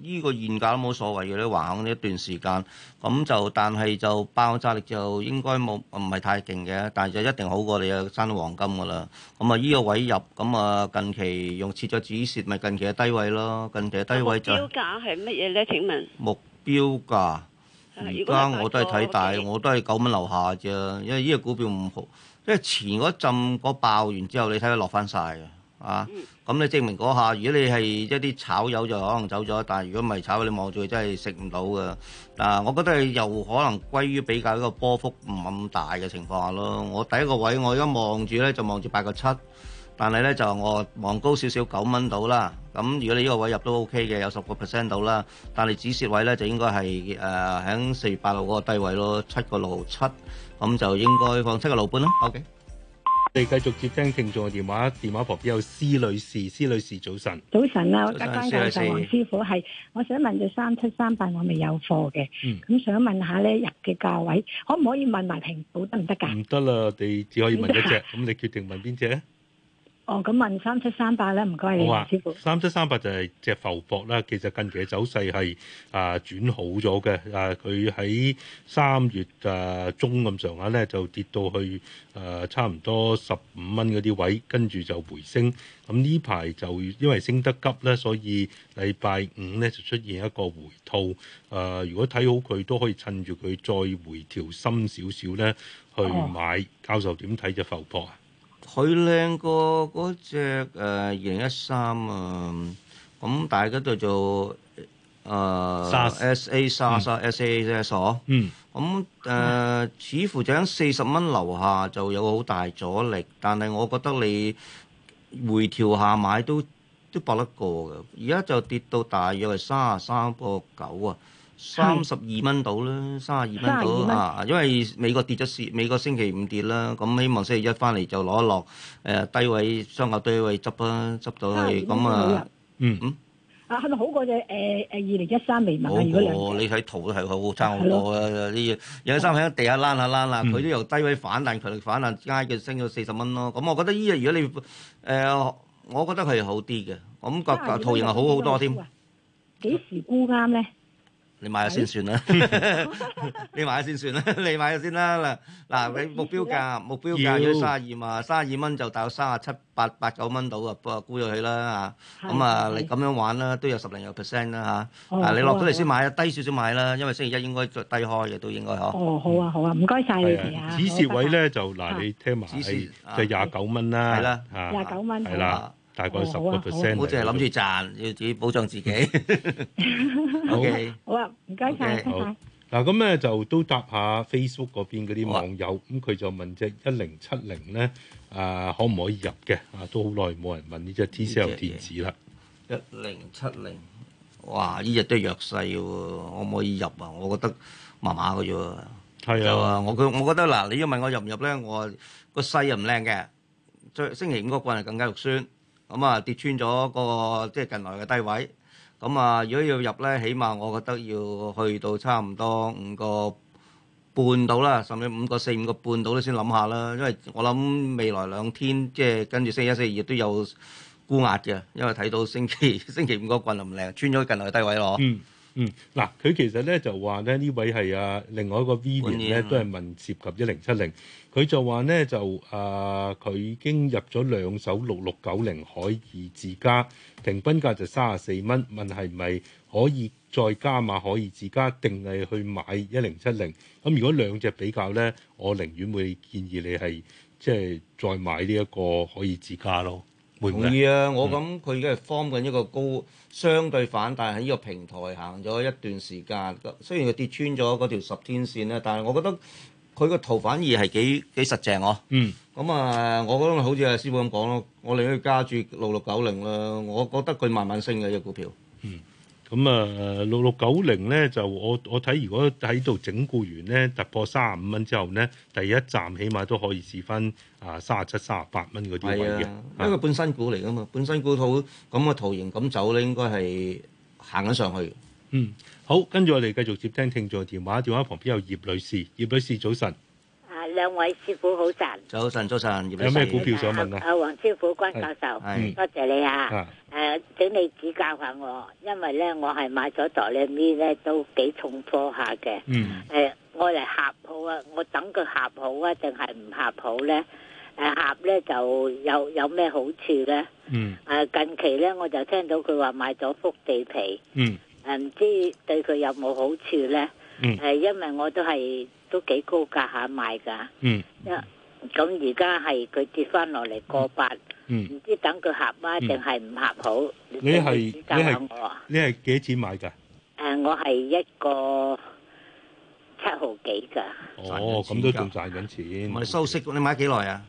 呢個現價都冇所謂嘅，你橫行一段時間，咁就但係就爆炸力就應該冇唔係太勁嘅，但係就一定好過你又爭到黃金㗎喇。咁啊，呢個位入，咁啊近期用切咗止蝕，咪近期嘅低位咯，近期嘅低位就。目標價係乜嘢咧？請問。目標價，而家我都係睇大，我都係九蚊樓下啫。因為呢個股票唔好，因為前嗰陣嗰爆完之後，你睇落翻晒嘅。啊，咁你證明嗰下，如果你係一啲炒友就可能走咗，但係如果唔係炒，你望住佢真係食唔到嘅。嗱、啊，我覺得係又可能歸於比較一個波幅唔咁大嘅情況下咯。我第一個位我而家望住咧就望住八個七，但係咧就我望高少少九蚊到啦。咁如果你呢個位入都 OK 嘅，有十個 percent 到啦。但係止蝕位咧就應該係誒喺四月八號嗰個低位咯，七個六七，咁就應該放七個六半啦。OK。你哋繼續接聽聽眾嘅電話，電話旁邊有施女士，施女士早晨，早晨啦、啊，我今日大，黃師傅，係我想問隻三七三八我未有貨嘅，咁、嗯、想問下咧入嘅價位，可唔可以問埋平補得唔得噶？唔得啦，我哋只可以問一隻，咁你決定問邊隻咧？哦，咁問三七三八咧，唔該你，黃師傅，三七三八就係隻阜博啦，其實近期嘅走勢係啊轉好咗嘅。啊，佢喺三月啊中咁上下咧就跌到去啊差唔多十五蚊嗰啲位，跟住就回升。咁呢排就因為升得急咧，所以禮拜五咧就出現一個回吐。啊、呃，如果睇好佢都可以趁住佢再回調深少少咧去買。哦、教授點睇隻阜博啊？佢靚過嗰隻誒二零一三啊，咁、呃嗯、大家都做誒、呃、S A s a ars , S A s A，SAS 沙所，咁誒似乎就喺四十蚊樓下就有好大阻力，但係我覺得你回調下買都都搏得過嘅，而家就跌到大約係三十三個九啊。三十二蚊到啦，三十二蚊到啊！因為美國跌咗市，美國星期五跌啦，咁希望星期一翻嚟就攞一落，誒低位，雙下低位執啦，執到咁啊，嗯嗯，啊係咪好過嘅？誒誒，二零一三未問啊，二零一三你睇圖都係好差好多啊！二零一三喺地下躝下躝啦，佢都由低位反彈，強力反彈，加佢升咗四十蚊咯。咁我覺得依日如果你，誒，我覺得係好啲嘅，咁個個圖形係好好多添。幾時估啱咧？你買咗先算啦唉， 你買咗先算啦，你買咗先啦嗱嗱，你目標價目標價約三十二蚊，三十二蚊就到三十七八八九蚊度啊，不過估咗佢啦嚇，咁啊你咁樣玩啦，都有十零個 percent 啦嚇，啊你落咗嚟先買啊，低少少買啦，因為星期一應該再低開嘅都應該、啊嗯、哦好啊好啊，唔該晒你止蝕、啊啊、位咧就嗱你聽埋，止蝕就廿九蚊啦，係啦廿九蚊係啦。嗯大概十個 percent 嚟，我冇淨係諗住賺，要自己保障自己。OK，好啊，唔該晒，唔該。嗱咁咧就都答下 Facebook 嗰邊嗰啲網友咁，佢就問隻一零七零咧，啊可唔可以入嘅？啊都好耐冇人問呢隻 TCL 電子啦。一零七零，哇！呢日都弱勢喎，可唔可以入啊？我覺得麻麻嘅啫，就話我佢，我覺得嗱，你如果問我入唔入咧，我個勢又唔靚嘅，再星期五個棍係更加肉酸。咁啊跌穿咗個即係近來嘅低位，咁啊如果要入咧，起碼我覺得要去到差唔多五個半到啦，甚至五個四、五個半到都先諗下啦，因為我諗未來兩天即係跟住星期一星期二都有沽壓嘅，因為睇到星期星期五個棍咁靚，穿咗近來嘅低位咯。嗯嗯，嗱、啊，佢其實咧就話咧呢位係啊，另外一個 Vivian 咧都係問涉及一零七零，佢就話咧就啊，佢、呃、已經入咗兩手六六九零海爾智家，平均價就三十四蚊，問係咪可以再加碼海爾智家，定係去買一零七零？咁如果兩隻比較咧，我寧願會建議你係即係再買呢一個海爾智家咯。同意啊！嗯、我諗佢而家係 form 緊一個高相對反彈，喺呢個平台行咗一段時間，雖然佢跌穿咗嗰條十天線咧，但係我覺得佢個圖反而係幾幾實淨哦、啊。咁、嗯、啊，我覺得好似阿師傅咁講咯，我哋可以加注六六九零啦。我覺得佢慢慢升嘅一隻股票。嗯。咁啊，六六九零咧就我我睇，如果喺度整固完咧突破三十五蚊之後咧，第一站起碼都可以試翻啊三十七、三十八蚊嗰啲位嘅。的的因為半新股嚟噶嘛，半新股套咁嘅圖形咁走咧，應該係行緊上去。嗯，好，跟住我哋繼續接聽聽眾電話，電話旁邊有葉女士，葉女士早晨。兩位師傅好神，早晨，早晨，有咩股票想問啊？阿黃、啊啊、師傅，關教授，是嗯、多謝你啊！誒、啊啊，請你指教下我，因為咧我係買咗袋咧咪咧都幾重科下嘅，誒、嗯，我嚟合好啊，我，我等佢合好啊，定係唔合好咧？誒，合咧就有有咩好處咧？誒、嗯啊，近期咧我就聽到佢話買咗幅地皮，誒唔、嗯嗯、知對佢有冇好處咧？誒，因為我都係。都幾高價下賣噶，一咁而家係佢跌翻落嚟過百，唔知等佢合啊定係唔合好。你係你係你係幾多錢買噶？誒，我係一個七毫幾噶。哦，咁都仲賺緊錢。我哋收息，你買幾耐啊？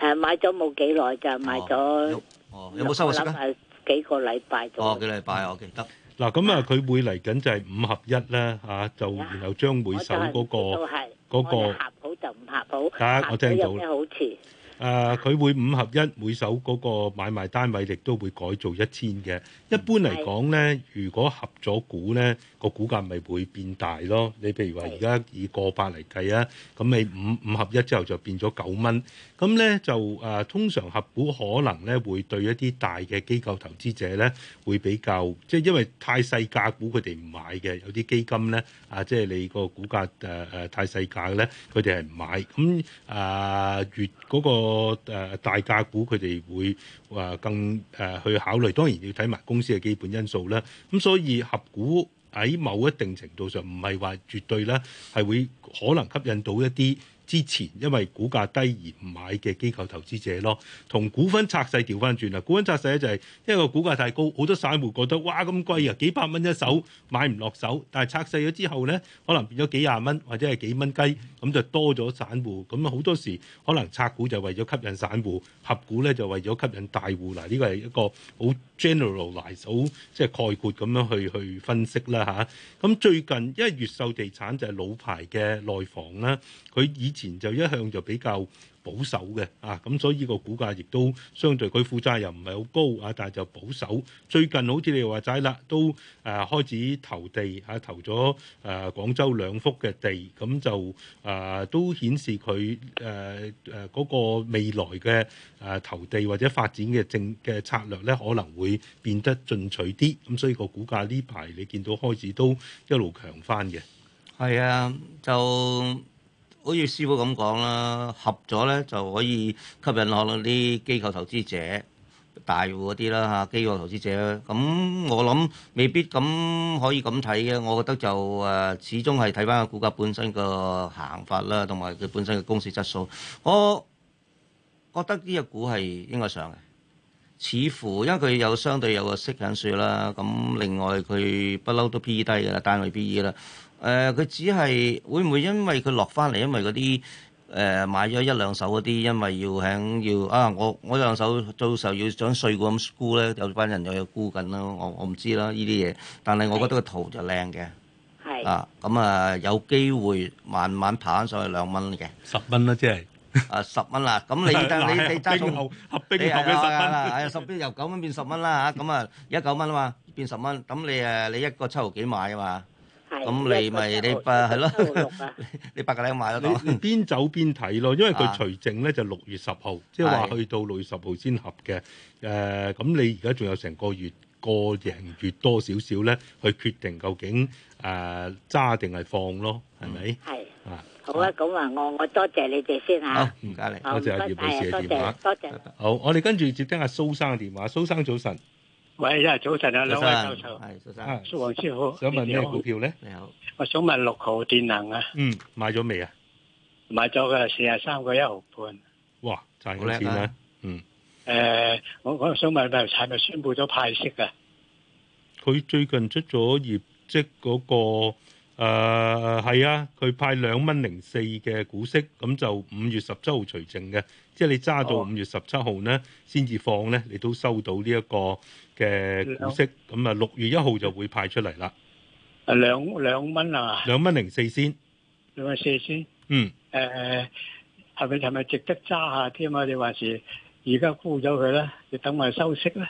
誒，買咗冇幾耐就買咗。哦，有冇收息噶？幾個禮拜？哦，幾個禮拜我記得。嗱，咁啊，佢會嚟緊就係五合一啦，吓、啊、就然後將每手嗰、嗰個嗰、就是嗰個合，就合、啊、合好就唔合好。吓我聽到好似誒，佢會五合一每手嗰個買賣單位亦都會改造一千嘅，一般嚟講咧，的如果合咗股咧。個股價咪會變大咯？你譬如話而家以過百嚟計啊，咁你五五合一之後變就變咗九蚊。咁咧就誒，通常合股可能咧會對一啲大嘅機構投資者咧會比較，即係因為太細價股佢哋唔買嘅，有啲基金咧啊，即係你個股價誒誒太細價咧，佢哋係唔買。咁誒、啊、越嗰、嗰個大價股，佢哋會話更誒、啊、去考慮。當然要睇埋公司嘅基本因素啦。咁所以合股。喺某一定程度上，唔係話絕對咧，係會可能吸引到一啲，之前因為股價低而唔買嘅機構投資者咯，同股份拆細調翻轉啦。股份拆細咧就係因為個股價太高，好多散戶覺得哇咁貴啊，幾百蚊一手買唔落手。但係拆細咗之後咧，可能變咗幾廿蚊或者係幾蚊雞，咁就多咗散戶。咁好多時可能拆股就為咗吸引散戶，合股咧就為咗吸引大戶。嗱，呢個係一個好 generalize 好即係概括咁樣去去分析啦吓，咁，啊，最近因為越秀地產就係老牌嘅內房啦，佢以 以前就一向就比較保守嘅啊，咁所以依個股價亦都相對佢負債又唔係好高啊，但係就保守。最近好似你話齋啦，都誒開始投地投啊，投咗誒廣州兩幅嘅地，咁就誒、啊、都顯示佢誒誒嗰個未來嘅誒投地或者發展嘅政嘅策略咧，可能會變得進取啲。咁、嗯、所以個股價呢排你見到開始都一路強返嘅。係啊，就。好似師傅咁講啦，合咗咧就可以吸引落嗰啲機構投資者、大戶嗰啲啦嚇，機構投資者。咁我諗未必咁可以咁睇嘅，我覺得就誒始終係睇翻個股價本身個行法啦，同埋佢本身嘅公司質素。我覺得呢隻股係應該上嘅，似乎因為佢有相對有個息引力啦。咁另外佢不嬲都 PE 低㗎啦，單位 PE 啦。誒佢只係會唔會因為佢落翻嚟，因為嗰啲誒買咗一兩手嗰啲，因為要喺要啊，我我兩手到時候要像碎股咁沽咧，有班人又要沽緊啦，我我唔知啦呢啲嘢，但係我覺得個圖就靚嘅，係啊，咁啊有機會慢慢爬翻上去兩蚊嘅十蚊啦，即係啊十蚊啦，咁你你你集重合兵嘅十蚊啦，係啊十兵由九蚊變十蚊啦嚇，咁啊而家九蚊啊嘛變十蚊，咁你誒你一個七毫幾買啊嘛？咁你咪你八係咯，你八個零買咯。你邊走邊睇咯，因為佢除淨咧就六月十號，即係話去到六月十號先合嘅。誒，咁你而家仲有成個月個營越多少少咧，去決定究竟誒揸定係放咯，係咪？係。好啊，咁啊，我我多謝你哋先嚇。唔該，你。多謝阿葉小姐嘅電話。多謝。好，我哋跟住接聽阿蘇生嘅電話。蘇生早晨。喂，一早晨啊，兩三位教授係蘇生，蘇王師傅，想問咩股票咧？你好，我想問六號電能啊。嗯，買咗未啊？買咗嘅，四啊三個一毫半。哇，賺咗錢啦。嗯。誒、欸，我我想問，係咪宣佈咗派息啊？佢最近出咗業績嗰、那個誒係、呃、啊，佢派兩蚊零四嘅股息，咁就五月十七號除淨嘅，即係你揸到五月十七號咧，先至好、哦、放咧，你都收到呢、這、一個嘅股息，咁啊六月一號就會派出嚟啦。啊兩兩蚊啊？兩蚊零四仙，兩蚊四仙。嗯。誒，係咪係咪值得揸下添啊？你話係而家沽咗佢咧？你等我哋收息咧？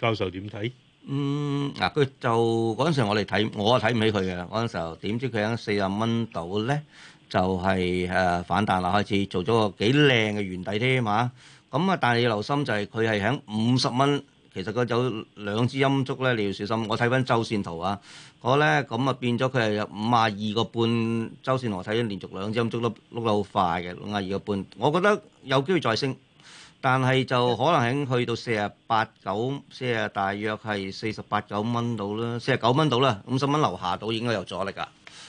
教授點睇？嗯，嗱，佢就嗰陣時我哋睇，我啊睇唔起佢嘅。嗰陣時點知佢喺四十蚊度咧，就係誒反彈啦，開始做咗個幾靚嘅圓底添啊。咁啊，但係你要留心就係佢係喺五十蚊。其實佢有兩支陰燭咧，你要小心。我睇翻周線圖啊，我咧咁啊變咗佢係有五十二個半周線圖，我睇咗連續兩支陰燭都碌得好快嘅五十二個半。我覺得有機會再升，但係就可能喺去到四十八九，四十大約係四十八九蚊到啦，四十九蚊到啦，五十蚊樓下到應該有阻力噶。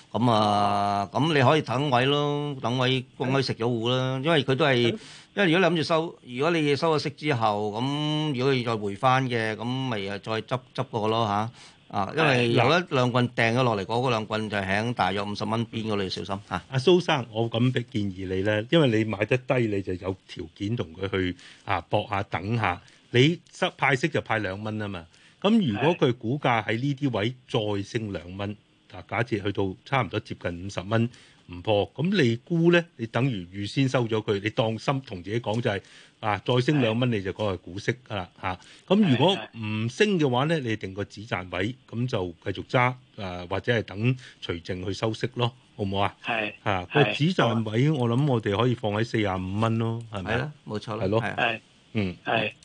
咁啊，咁你可以等位咯，等位幫佢食咗糊啦，因為佢都係。因為如果你諗住收，如果你收咗息之後，咁如果你再回翻嘅，咁咪又再執執個咯吓，啊，因為留一兩是棍掟咗落嚟，嗰、那、兩、個、棍就喺大約五十蚊邊嗰度你小心吓。阿、啊、蘇生，我咁建議你咧，因為你買得低，你就有條件同佢去啊搏下等下。你派息就派兩蚊啊嘛。咁如果佢股價喺呢啲位再升兩蚊，啊假設去到差唔多接近五十蚊。唔破咁你估咧，你等如預先收咗佢，你當心同自己講就係、是、啊，再升兩蚊你就講係股息噶啦吓。咁、啊、如果唔升嘅話咧，你定個止賺位，咁就繼續揸誒、啊，或者係等除淨去收息咯，好唔好是啊？係、那、吓個止賺位，的我諗我哋可以放喺四十五蚊咯，係咪啊？冇錯，係咯，係的嗯，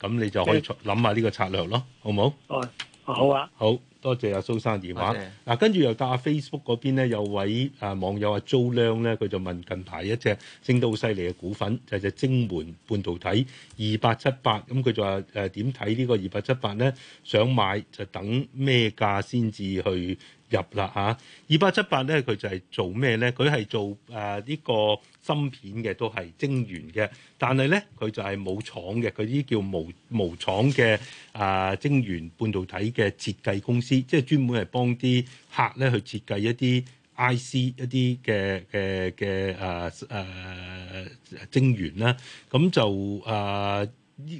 咁你就可以諗下呢個策略咯，好唔好，好，好？好，好啊，好。多謝阿蘇生電話嗱，跟住謝、啊、又搭 Facebook 嗰邊咧，有位啊網友阿租靚咧，佢就問近排一隻升到好犀利嘅股份，就係、是、隻晶門半導體二八七八，咁佢就話誒點睇呢個二八七八咧？想買就等咩價先至去？入啦嚇，二八七八咧，佢就係做咩咧？佢係做誒呢、呃這個芯片嘅，都係晶圓嘅。但係咧，佢就係冇廠嘅，佢啲叫無無廠嘅誒、呃、晶圓半導體嘅設計公司，即、就、係、是、專門係幫啲客咧去設計一啲 IC 一啲嘅嘅嘅誒誒晶圓啦。咁就誒。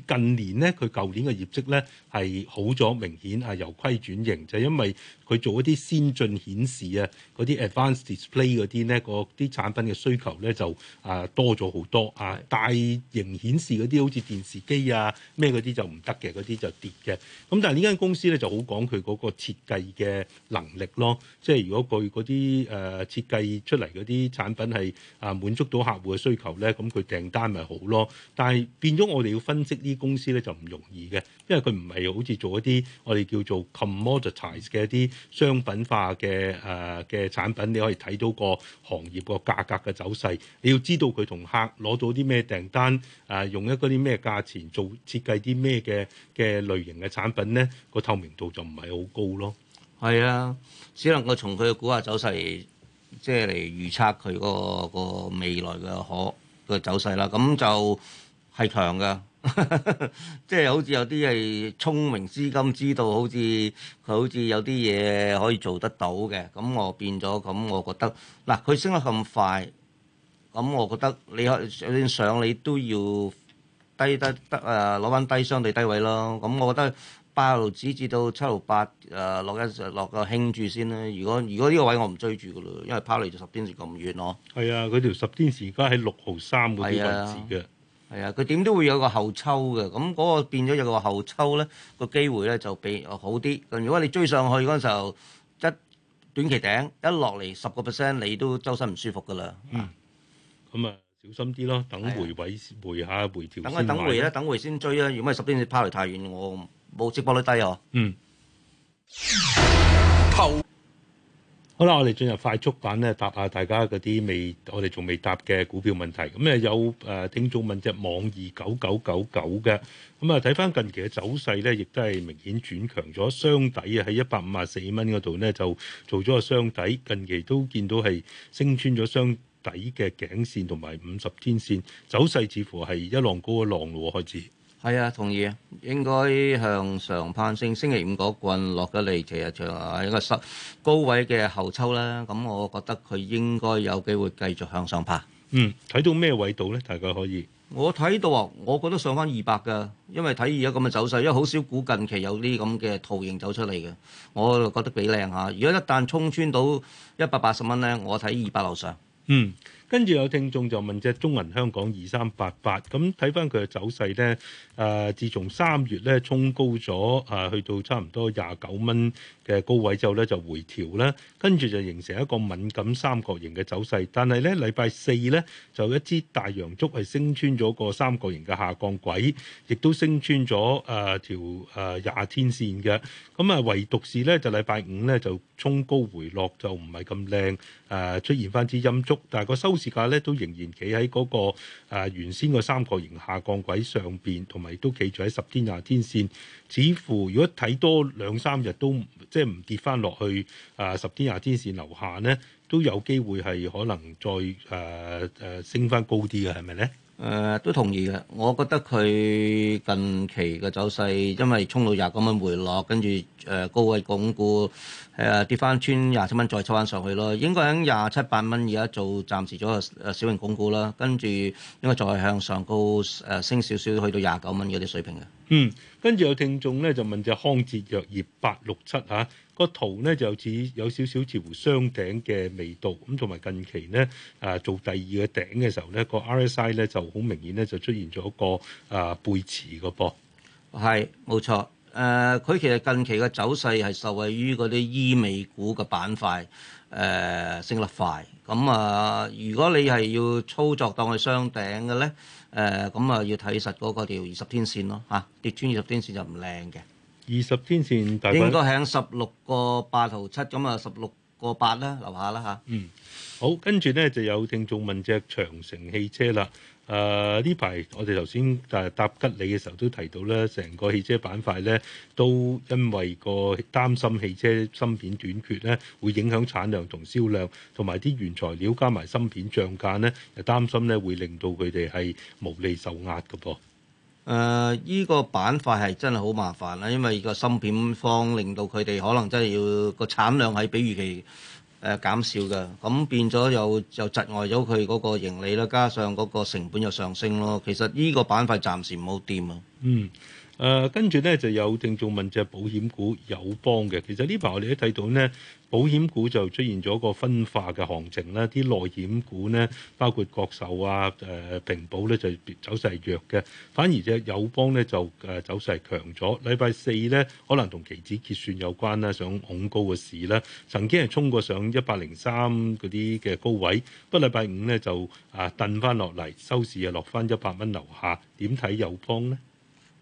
近年咧，佢舊年嘅業績咧係好咗明顯，係由虧轉型。就係因為佢做一啲先進顯示啊，嗰啲 advanced display 嗰啲咧，嗰啲產品嘅需求咧就啊多咗好多啊，大型顯示嗰啲好似電視機啊咩嗰啲就唔得嘅，嗰啲就跌嘅。咁但係呢間公司咧就好講佢嗰個設計嘅能力咯，即係如果佢嗰啲誒設計出嚟嗰啲產品係啊滿足到客戶嘅需求咧，咁佢訂單咪好咯。但係變咗我哋要分。分析啲公司咧就唔容易嘅，因為佢唔係好似做一啲我哋叫做 commoditize 嘅一啲商品化嘅誒嘅產品，你可以睇到個行業個價格嘅走勢，你要知道佢同客攞到啲咩訂單，誒、呃、用一嗰啲咩價錢做設計啲咩嘅嘅類型嘅產品咧，個透明度就唔係好高咯。係啊，只能夠從佢嘅股價走勢嚟，即係嚟預測佢嗰、嗰個、嗰個未來嘅可、嗰個走勢啦。咁就。係強噶，即係好似有啲係聰明資金知道，好似佢好似有啲嘢可以做得到嘅。咁我變咗，咁我覺得嗱，佢升得咁快，咁我覺得你上你都要低得得啊，攞翻低相對低位咯。咁我覺得八毫紙至到七毫八，誒落緊落個輕注先啦。如果如果呢個位我唔追住噶啦，因為拋離咗十天線咁遠哦。係啊，佢條十天線而家喺六毫三嗰啲位置嘅。係啊，佢點都會有個後抽嘅，咁嗰個變咗有個後抽咧，個機會咧就比好啲。咁如果你追上去嗰陣時候，一短期頂一落嚟十個 percent，你都周身唔舒服㗎啦、嗯。嗯，咁啊小心啲咯，等回位的回，回下回調先。等啊等回啦，等回先追啊！如果唔係十點你拋嚟太遠，我冇息波率低啊。嗯。好啦，我哋進入快速版咧，答下大家嗰啲未，我哋仲未答嘅股票問題。咁咧有誒、呃，聽眾問隻網二九九九九嘅，咁啊睇翻近期嘅走勢咧，亦都係明顯轉強咗。箱底啊，喺一百五十四蚊嗰度咧，就做咗個箱底。近期都見到係升穿咗箱底嘅頸線同埋五十天線走勢，似乎係一浪高一浪咯，開始。係啊，同意。應該向上攀升。星期五嗰棍落咗嚟，其實就係一個新高位嘅後抽啦。咁我覺得佢應該有機會繼續向上爬。嗯，睇到咩位度咧？大概可以。我睇到啊，我覺得上翻二百嘅，因為睇而家咁嘅走勢，因為好少估近期有啲咁嘅圖形走出嚟嘅，我就覺得幾靚嚇。如果一旦衝穿到一百八十蚊咧，我睇二百樓上。嗯。跟住有聽眾就問：隻中銀香港二三八八咁，睇翻佢嘅走勢咧。誒，自從三月咧衝高咗啊、呃，去到差唔多廿九蚊嘅高位之後咧，就回調啦。跟住就形成一個敏感三角形嘅走勢，但係咧禮拜四咧就一支大陽燭係升穿咗個三角形嘅下降軌，亦都升穿咗誒條誒廿天線嘅。咁、嗯、啊，唯獨是咧就禮拜五咧就衝高回落就唔係咁靚。誒、呃、出現翻支陰燭，但係個收市價咧都仍然企喺嗰個、呃、原先個三角形下降軌上邊，同埋都企住喺十天廿天線。似乎如果睇多兩三日都即係唔跌翻落去誒、呃、十天廿天線樓下咧，都有機會係可能再誒誒、呃呃、升翻高啲嘅，係咪咧？誒、呃、都同意嘅，我覺得佢近期嘅走勢，因為衝到廿九蚊回落，跟住誒、呃、高位鞏固，誒、呃、跌翻穿廿七蚊再抽翻上去咯。應該喺廿七八蚊而家做暫時咗個誒小型鞏固啦，跟住應該再向上高誒、呃、升少少去到廿九蚊嗰啲水平嘅。嗯，跟住有聽眾咧就問隻康哲藥業八六七吓個圖咧就好似有少少似乎雙頂嘅味道，咁同埋近期咧啊做第二個頂嘅時候咧個 RSI 咧就好明顯咧就出現咗一個啊背馳個噃，係冇錯。誒，佢、呃、其實近期嘅走勢係受惠於嗰啲醫美股嘅板塊，誒、呃、升得快。咁、嗯、啊、呃，如果你係要操作當佢雙頂嘅咧，誒咁啊要睇實嗰條二十天線咯嚇、啊，跌穿二十天線就唔靚嘅。二十天線大概應該喺十六個八毫七，咁啊十六個八啦，留下啦嚇。啊、嗯，好，跟住咧就有聽眾問隻長城汽車啦。誒，呢排我哋頭先誒，答吉利嘅時候都提到咧，成個汽車板塊咧都因為個擔心汽車芯片短缺咧，會影響產量同銷量，同埋啲原材料加埋芯片漲價咧，就擔心咧會令到佢哋係無利受壓嘅噃。誒、呃、依、這個板塊係真係好麻煩啦，因為個芯片方令到佢哋可能真係要，那個產量係比預期，誒、呃、減少嘅，咁變咗又又窒礙咗佢嗰個盈利啦，加上嗰個成本又上升咯。其實呢個板塊暫時唔好掂啊。嗯。誒、呃、跟住咧就有聽眾問，隻保險股友邦嘅。其實呢排我哋都睇到呢保險股就出現咗個分化嘅行情啦。啲內險股呢，包括國壽啊、誒、呃、平保咧，就走勢弱嘅。反而隻友邦呢，就誒走勢強咗。禮拜四呢，可能同期指結算有關啦，上恐高嘅市啦，曾經係衝過上一百零三嗰啲嘅高位。不過禮拜五呢，就啊褪翻落嚟，收市啊落翻一百蚊樓下。點睇友邦呢？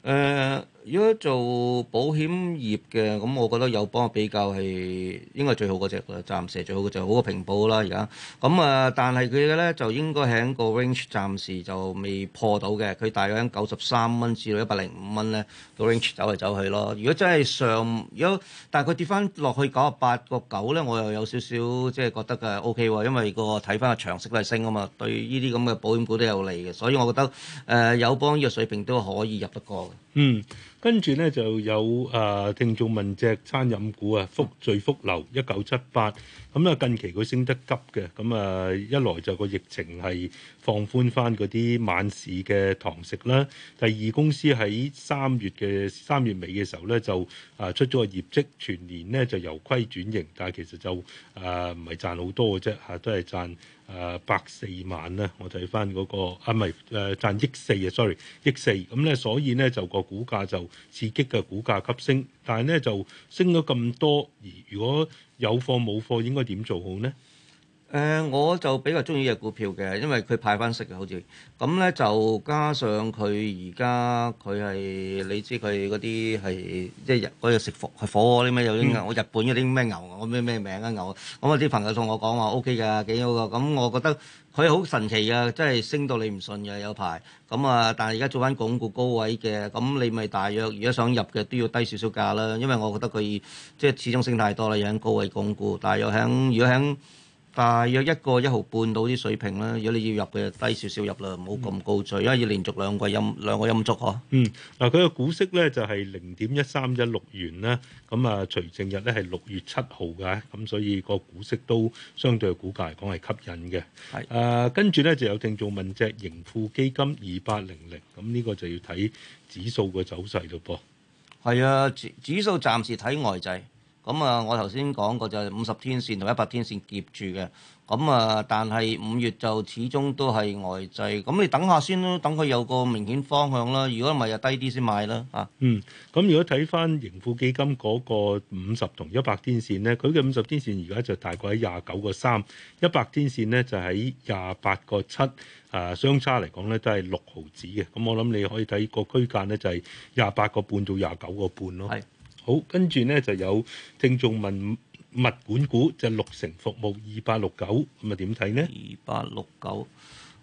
嗯。如果做保險業嘅，咁我覺得友邦比較係應該最好嗰隻啦，暫時最好嘅就係好個平保啦。而家咁啊，但係佢嘅咧就應該喺個 range，暫時就未破到嘅。佢大概喺九十三蚊至到一百零五蚊咧，個 range 走嚟走去咯。如果真係上，如果但係佢跌翻落去九啊八個九咧，我又有少少即係覺得嘅 OK，因為個睇翻個長息都係升啊嘛，對呢啲咁嘅保險股都有利嘅，所以我覺得誒、呃、友邦呢個水平都可以入得過嘅。嗯。跟住咧就有啊、呃，聽眾問隻餐飲股啊，福聚福樓一九七八，咁、嗯、咧近期佢升得急嘅，咁、嗯、啊一來就個疫情係放寬翻嗰啲晚市嘅堂食啦。第二公司喺三月嘅三月尾嘅時候咧，就啊出咗個業績，全年咧就由虧轉盈。但係其實就啊唔係賺好多嘅啫，嚇都係賺啊百四萬啦。我睇翻嗰個啊唔係誒賺億四啊，sorry 億四。咁咧所以咧就個股價就刺激嘅股價急升，但係咧就升咗咁多。如果有貨冇貨，應該點做好呢？誒、呃，我就比較中意隻股票嘅，因為佢派翻息嘅好似，咁咧就加上佢而家佢係你知佢嗰啲係即係日嗰啲食火係火鍋啲咩有啲牛日本嗰啲咩牛我咩咩名啊牛？咁啊啲、嗯、朋友同我講話、啊、OK 㗎幾好㗎，咁、嗯、我覺得佢好神奇㗎，真係升到你唔信㗎有排，咁、嗯、啊但係而家做翻鞏固高位嘅，咁、嗯、你咪大約如果想入嘅都要低少少價啦，因為我覺得佢即係始終升太多啦，有喺高位鞏固，大約又如果喺大約一個一毫半到啲水平啦，如果你要入嘅低少少入啦，唔好咁高追，因為要連續兩個陰兩個陰燭啊。嗯，嗱佢嘅股息咧就係零點一三一六元啦，咁啊除淨日咧係六月七號嘅，咁所以個股息都相對股價嚟講係吸引嘅。係是，誒跟住咧就有聽眾問隻盈富基金二八零零，咁呢個就要睇指數嘅走勢咯噃。係啊，指指數暫時睇外滯。咁啊，我頭先講過就係五十天線同一百天線夾住嘅，咁啊，但係五月就始終都係外滯，咁你等下先啦，等佢有個明顯方向啦，如果唔係又低啲先買啦，嚇。嗯，咁如果睇翻盈富基金嗰個五十同一百天線咧，佢嘅五十天線而家就大概喺廿九個三，一百天線咧就喺廿八個七，啊，相差嚟講咧都係六毫子嘅，咁、嗯呃嗯、我諗你可以睇個區間咧就係廿八個半到廿九個半咯。係。好，跟住咧就有聽眾問物管股，就綠城服務二八六九，咁啊點睇咧？二八六九，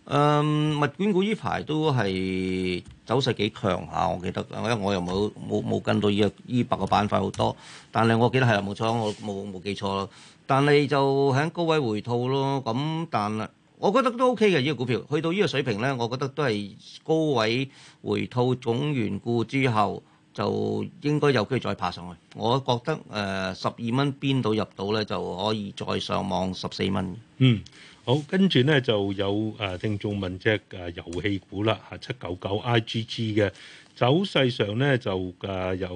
嗯，物管股依排都係走勢幾強下，我記得，因為我又冇冇冇跟到依一依百個板塊好多，但係我記得係呀，冇錯，我冇冇記錯咯。但係就喺高位回吐咯，咁但係我覺得都 O K 嘅依個股票，去到依個水平咧，我覺得都係高位回吐總完故之後。就應該有機會再爬上去。我覺得誒十二蚊邊度入到呢，就可以再上望十四蚊。嗯，好，跟住呢就有誒聽眾問即誒遊戲股啦，嚇七九九 I G G 嘅走勢上呢，就誒由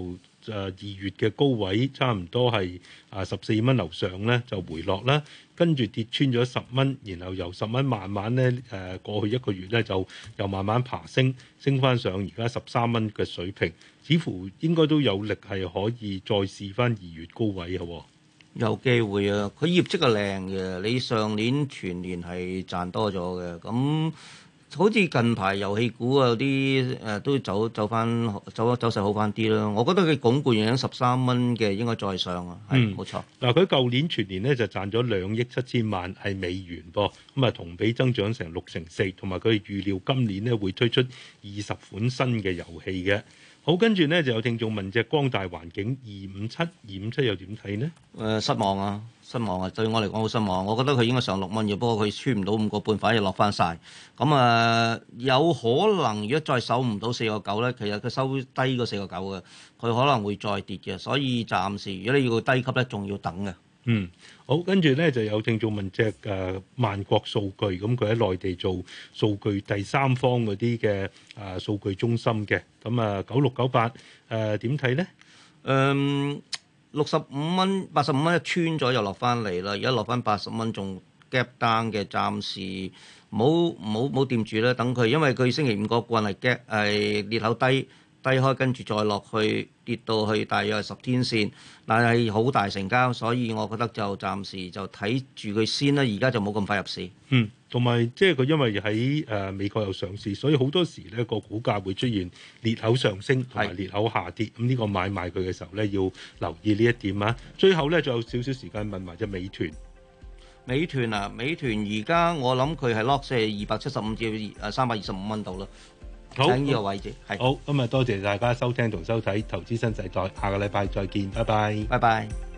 誒二月嘅高位差唔多係啊十四蚊樓上呢就回落啦，跟住跌穿咗十蚊，然後由十蚊慢慢呢，誒過去一個月呢，就又慢慢爬升，升返上而家十三蚊嘅水平。似乎應該都有力，係可以再試翻二月高位嘅，哦。有機會啊！佢業績係靚嘅，你上年全年係賺多咗嘅。咁、嗯、好似近排遊戲股有啲誒、呃、都走走翻走，走，走勢一走勢好翻啲啦。我覺得佢鞏固完十三蚊嘅應該再上啊，係冇錯。嗱、嗯，佢舊年全年咧就賺咗兩億七千萬係美元噃，咁啊同比增長成六成四，同埋佢預料今年咧會推出二十款新嘅遊戲嘅。好，跟住咧就有聽眾問：隻光大環境二五七，二五七又點睇咧？誒，失望啊，失望啊！對我嚟講好失望。我覺得佢應該上六蚊嘅，不過佢穿唔到五個半，反而落返晒。咁、嗯、啊、呃，有可能如果再守唔到四個九咧，其實佢收低過四個九嘅，佢可能會再跌嘅。所以暫時，如果你要低級咧，仲要等嘅。嗯，好，跟住咧就有正做問隻誒萬國數據，咁佢喺內地做數據第三方嗰啲嘅誒數據中心嘅，咁啊九六九八誒點睇咧？誒六十五蚊、八十五蚊一穿咗又落翻嚟啦，而家落翻八十蚊，仲 gap down 嘅，暫時冇冇冇掂住啦，等佢，因為佢星期五個棍係 gap 係裂口低。低開跟住再落去，跌到去大約十天線，但係好大成交，所以我覺得就暫時就睇住佢先啦。而家就冇咁快入市。嗯，同埋即係佢因為喺誒美國有上市，所以好多時咧，個股價會出現裂口上升同埋裂口下跌。咁呢是個買賣佢嘅時候咧，要留意呢一點啊。最後咧，再有少少時間問埋隻美團。美團啊，美團而家我諗佢係落喺二百七十五至啊三百二十五蚊度啦。好，喺呢個位置，好，係。好，今日多謝大家收聽同收睇《投資新世代》，下個禮拜再見，拜拜，拜拜。